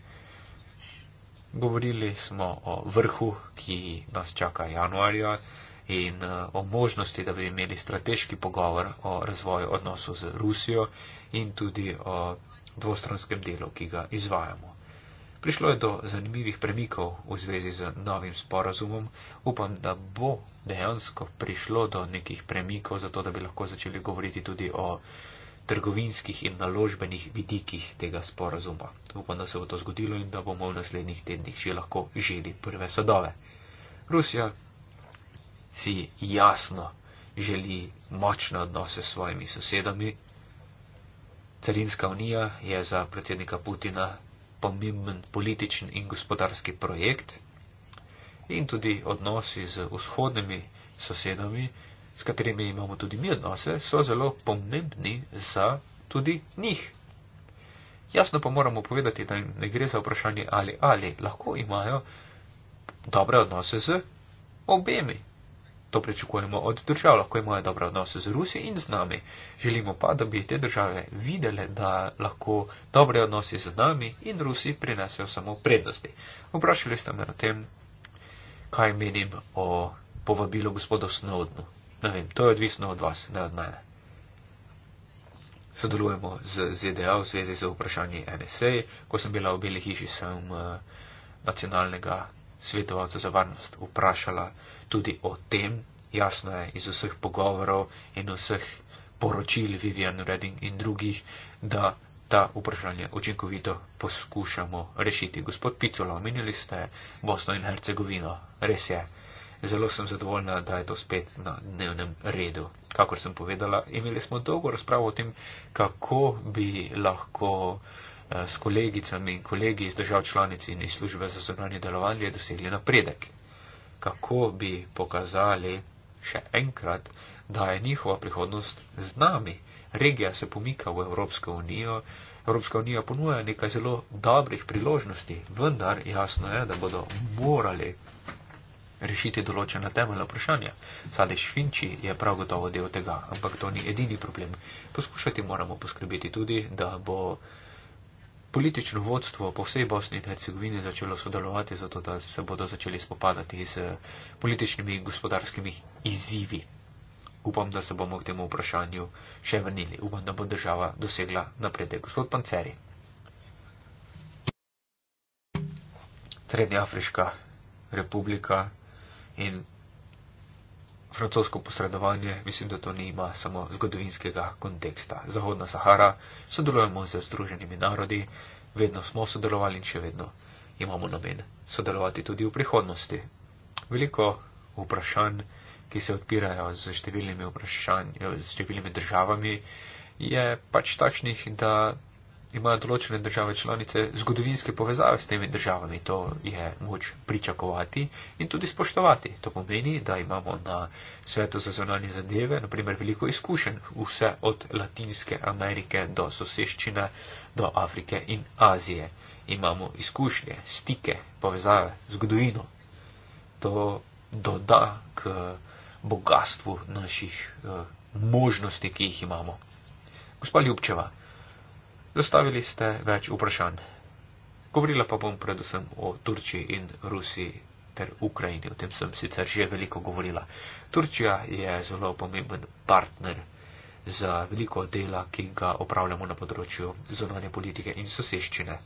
govorili smo o vrhu, ki nas čaka januarja in eh, o možnosti, da bi imeli strateški pogovor o razvoju odnosov z Rusijo in tudi o dvostranskem delu, ki ga izvajamo. Prišlo je do zanimivih premikov v zvezi z novim sporazumom. Upam, da bo dejansko prišlo do nekih premikov, zato da bi lahko začeli govoriti tudi o trgovinskih in naložbenih vidikih tega sporazuma. Upam, da se bo to zgodilo in da bomo v naslednjih tednih že lahko želi prve sadove. Rusija si jasno želi močne odnose s svojimi sosedami, Carinska unija je za predsednika Putina pomemben političen in gospodarski projekt in tudi odnosi z vzhodnimi sosedami, s katerimi imamo tudi mi odnose, so zelo pomembni za tudi njih. Jasno pa moramo povedati, da ne gre za vprašanje ali ali lahko imajo dobre odnose z obemi To pričakujemo od držav, lahko imajo dobre odnose z Rusi in z nami. Želimo pa, da bi te države videle, da lahko dobre odnose z nami in Rusi prinesejo samo prednosti. Vprašali ste me o tem, kaj menim o povabilu gospoda Snowdnu. Ne vem, to je odvisno od vas, ne od mene. Sodelujemo z ZDA v zvezi z vprašanji NSA. Ko sem bila v Beli hiši, sem uh, nacionalnega svetovalca za varnost vprašala, tudi o tem, jasno je iz vseh pogovorov in vseh poročil Vivian Redding in drugih, da ta vprašanje učinkovito poskušamo rešiti. Gospod Picola, omenili ste Bosno in Hercegovino, res je. Zelo sem zadovoljna, da je to spet na dnevnem redu. Kakor sem povedala, imeli smo dolgo razpravo o tem, kako bi lahko eh, s kolegicami in kolegi iz držav članic in iz službe za zonanje delovanje dosegli napredek kako bi pokazali še enkrat, da je njihova prihodnost z nami. Regija se pomika v Evropsko unijo, Evropska unija ponuja nekaj zelo dobrih priložnosti, vendar jasno je, da bodo morali rešiti določena temeljna vprašanja. Sadež Finči je prav gotovo del tega, ampak to ni edini problem. Poskušati moramo poskrbeti tudi, da bo politično vodstvo po vsej Bosni in Hercegovini začelo sodelovati, zato da se bodo začeli spopadati z političnimi in gospodarskimi izzivi. Upam, da se bomo k temu vprašanju še vrnili. Upam, da bo država dosegla napredek. Gospod Panceri. Srednja Afriška republika in francosko posredovanje, mislim, da to nima samo zgodovinskega konteksta. Zahodna Sahara, sodelujemo z Združenimi narodi, vedno smo sodelovali in še vedno imamo namen sodelovati tudi v prihodnosti. Veliko vprašanj, ki se odpirajo z številnimi, z številnimi državami, je pač takšnih, da imajo določene države članice zgodovinske povezave s temi državami. To je moč pričakovati in tudi spoštovati. To pomeni, da imamo na svetu za zvonanje zadeve, naprimer, veliko izkušenj, vse od Latinske Amerike do soseščine, do Afrike in Azije. Imamo izkušnje, stike, povezave, zgodovino. To doda k bogatstvu naših eh, možnosti, ki jih imamo. Gospa Ljubčeva, Zastavili ste več vprašanj. Govorila pa bom predvsem o Turčiji in Rusiji ter Ukrajini. O tem sem sicer že veliko govorila. Turčija je zelo pomemben partner za veliko dela, ki ga opravljamo na področju zonanje politike in soseščine.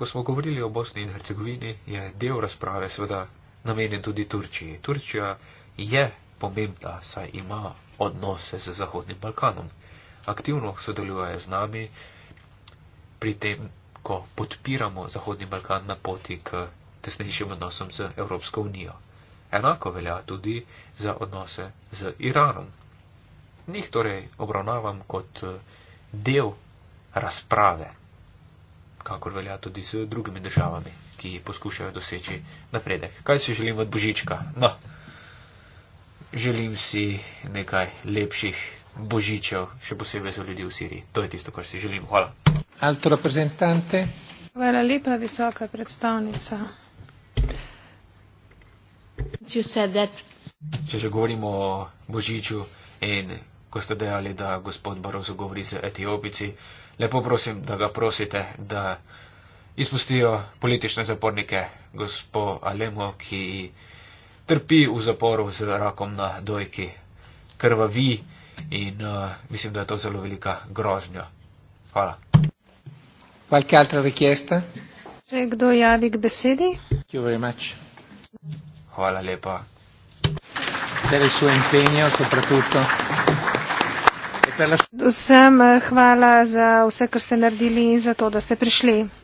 Ko smo govorili o Bosni in Hercegovini, je del razprave seveda namenjen tudi Turčiji. Turčija je pomembna, saj ima odnose z Zahodnim Balkanom aktivno sodelujejo z nami pri tem, ko podpiramo Zahodni Balkan na poti k tesnejšim odnosom z Evropsko unijo. Enako velja tudi za odnose z Iranom. Njih torej obravnavam kot eh, del razprave, kakor velja tudi z drugimi državami, ki poskušajo doseči napredek. Kaj si želim od Božička? No, želim si nekaj lepših božičjo, še posebej za ljudi v Siriji. To je tisto, kar si želim. Hvala. Alto reprezentante. Hvala lepa, visoka predstavnica. Če že govorimo o božiču in ko ste dejali, da gospod Barozo govori z etiopici, lepo prosim, da ga prosite, da izpustijo politične zapornike gospo Alemo, ki trpi v zaporu z rakom na dojki, krvavi in uh, mislim, da je to zelo velika grožnja. Hvala. Kakšna altra richiesta? Če kdo javi k besedi? Hvala lepa. Impegno, e la... Vsem eh, hvala za vse, kar ste naredili in za to, da ste prišli.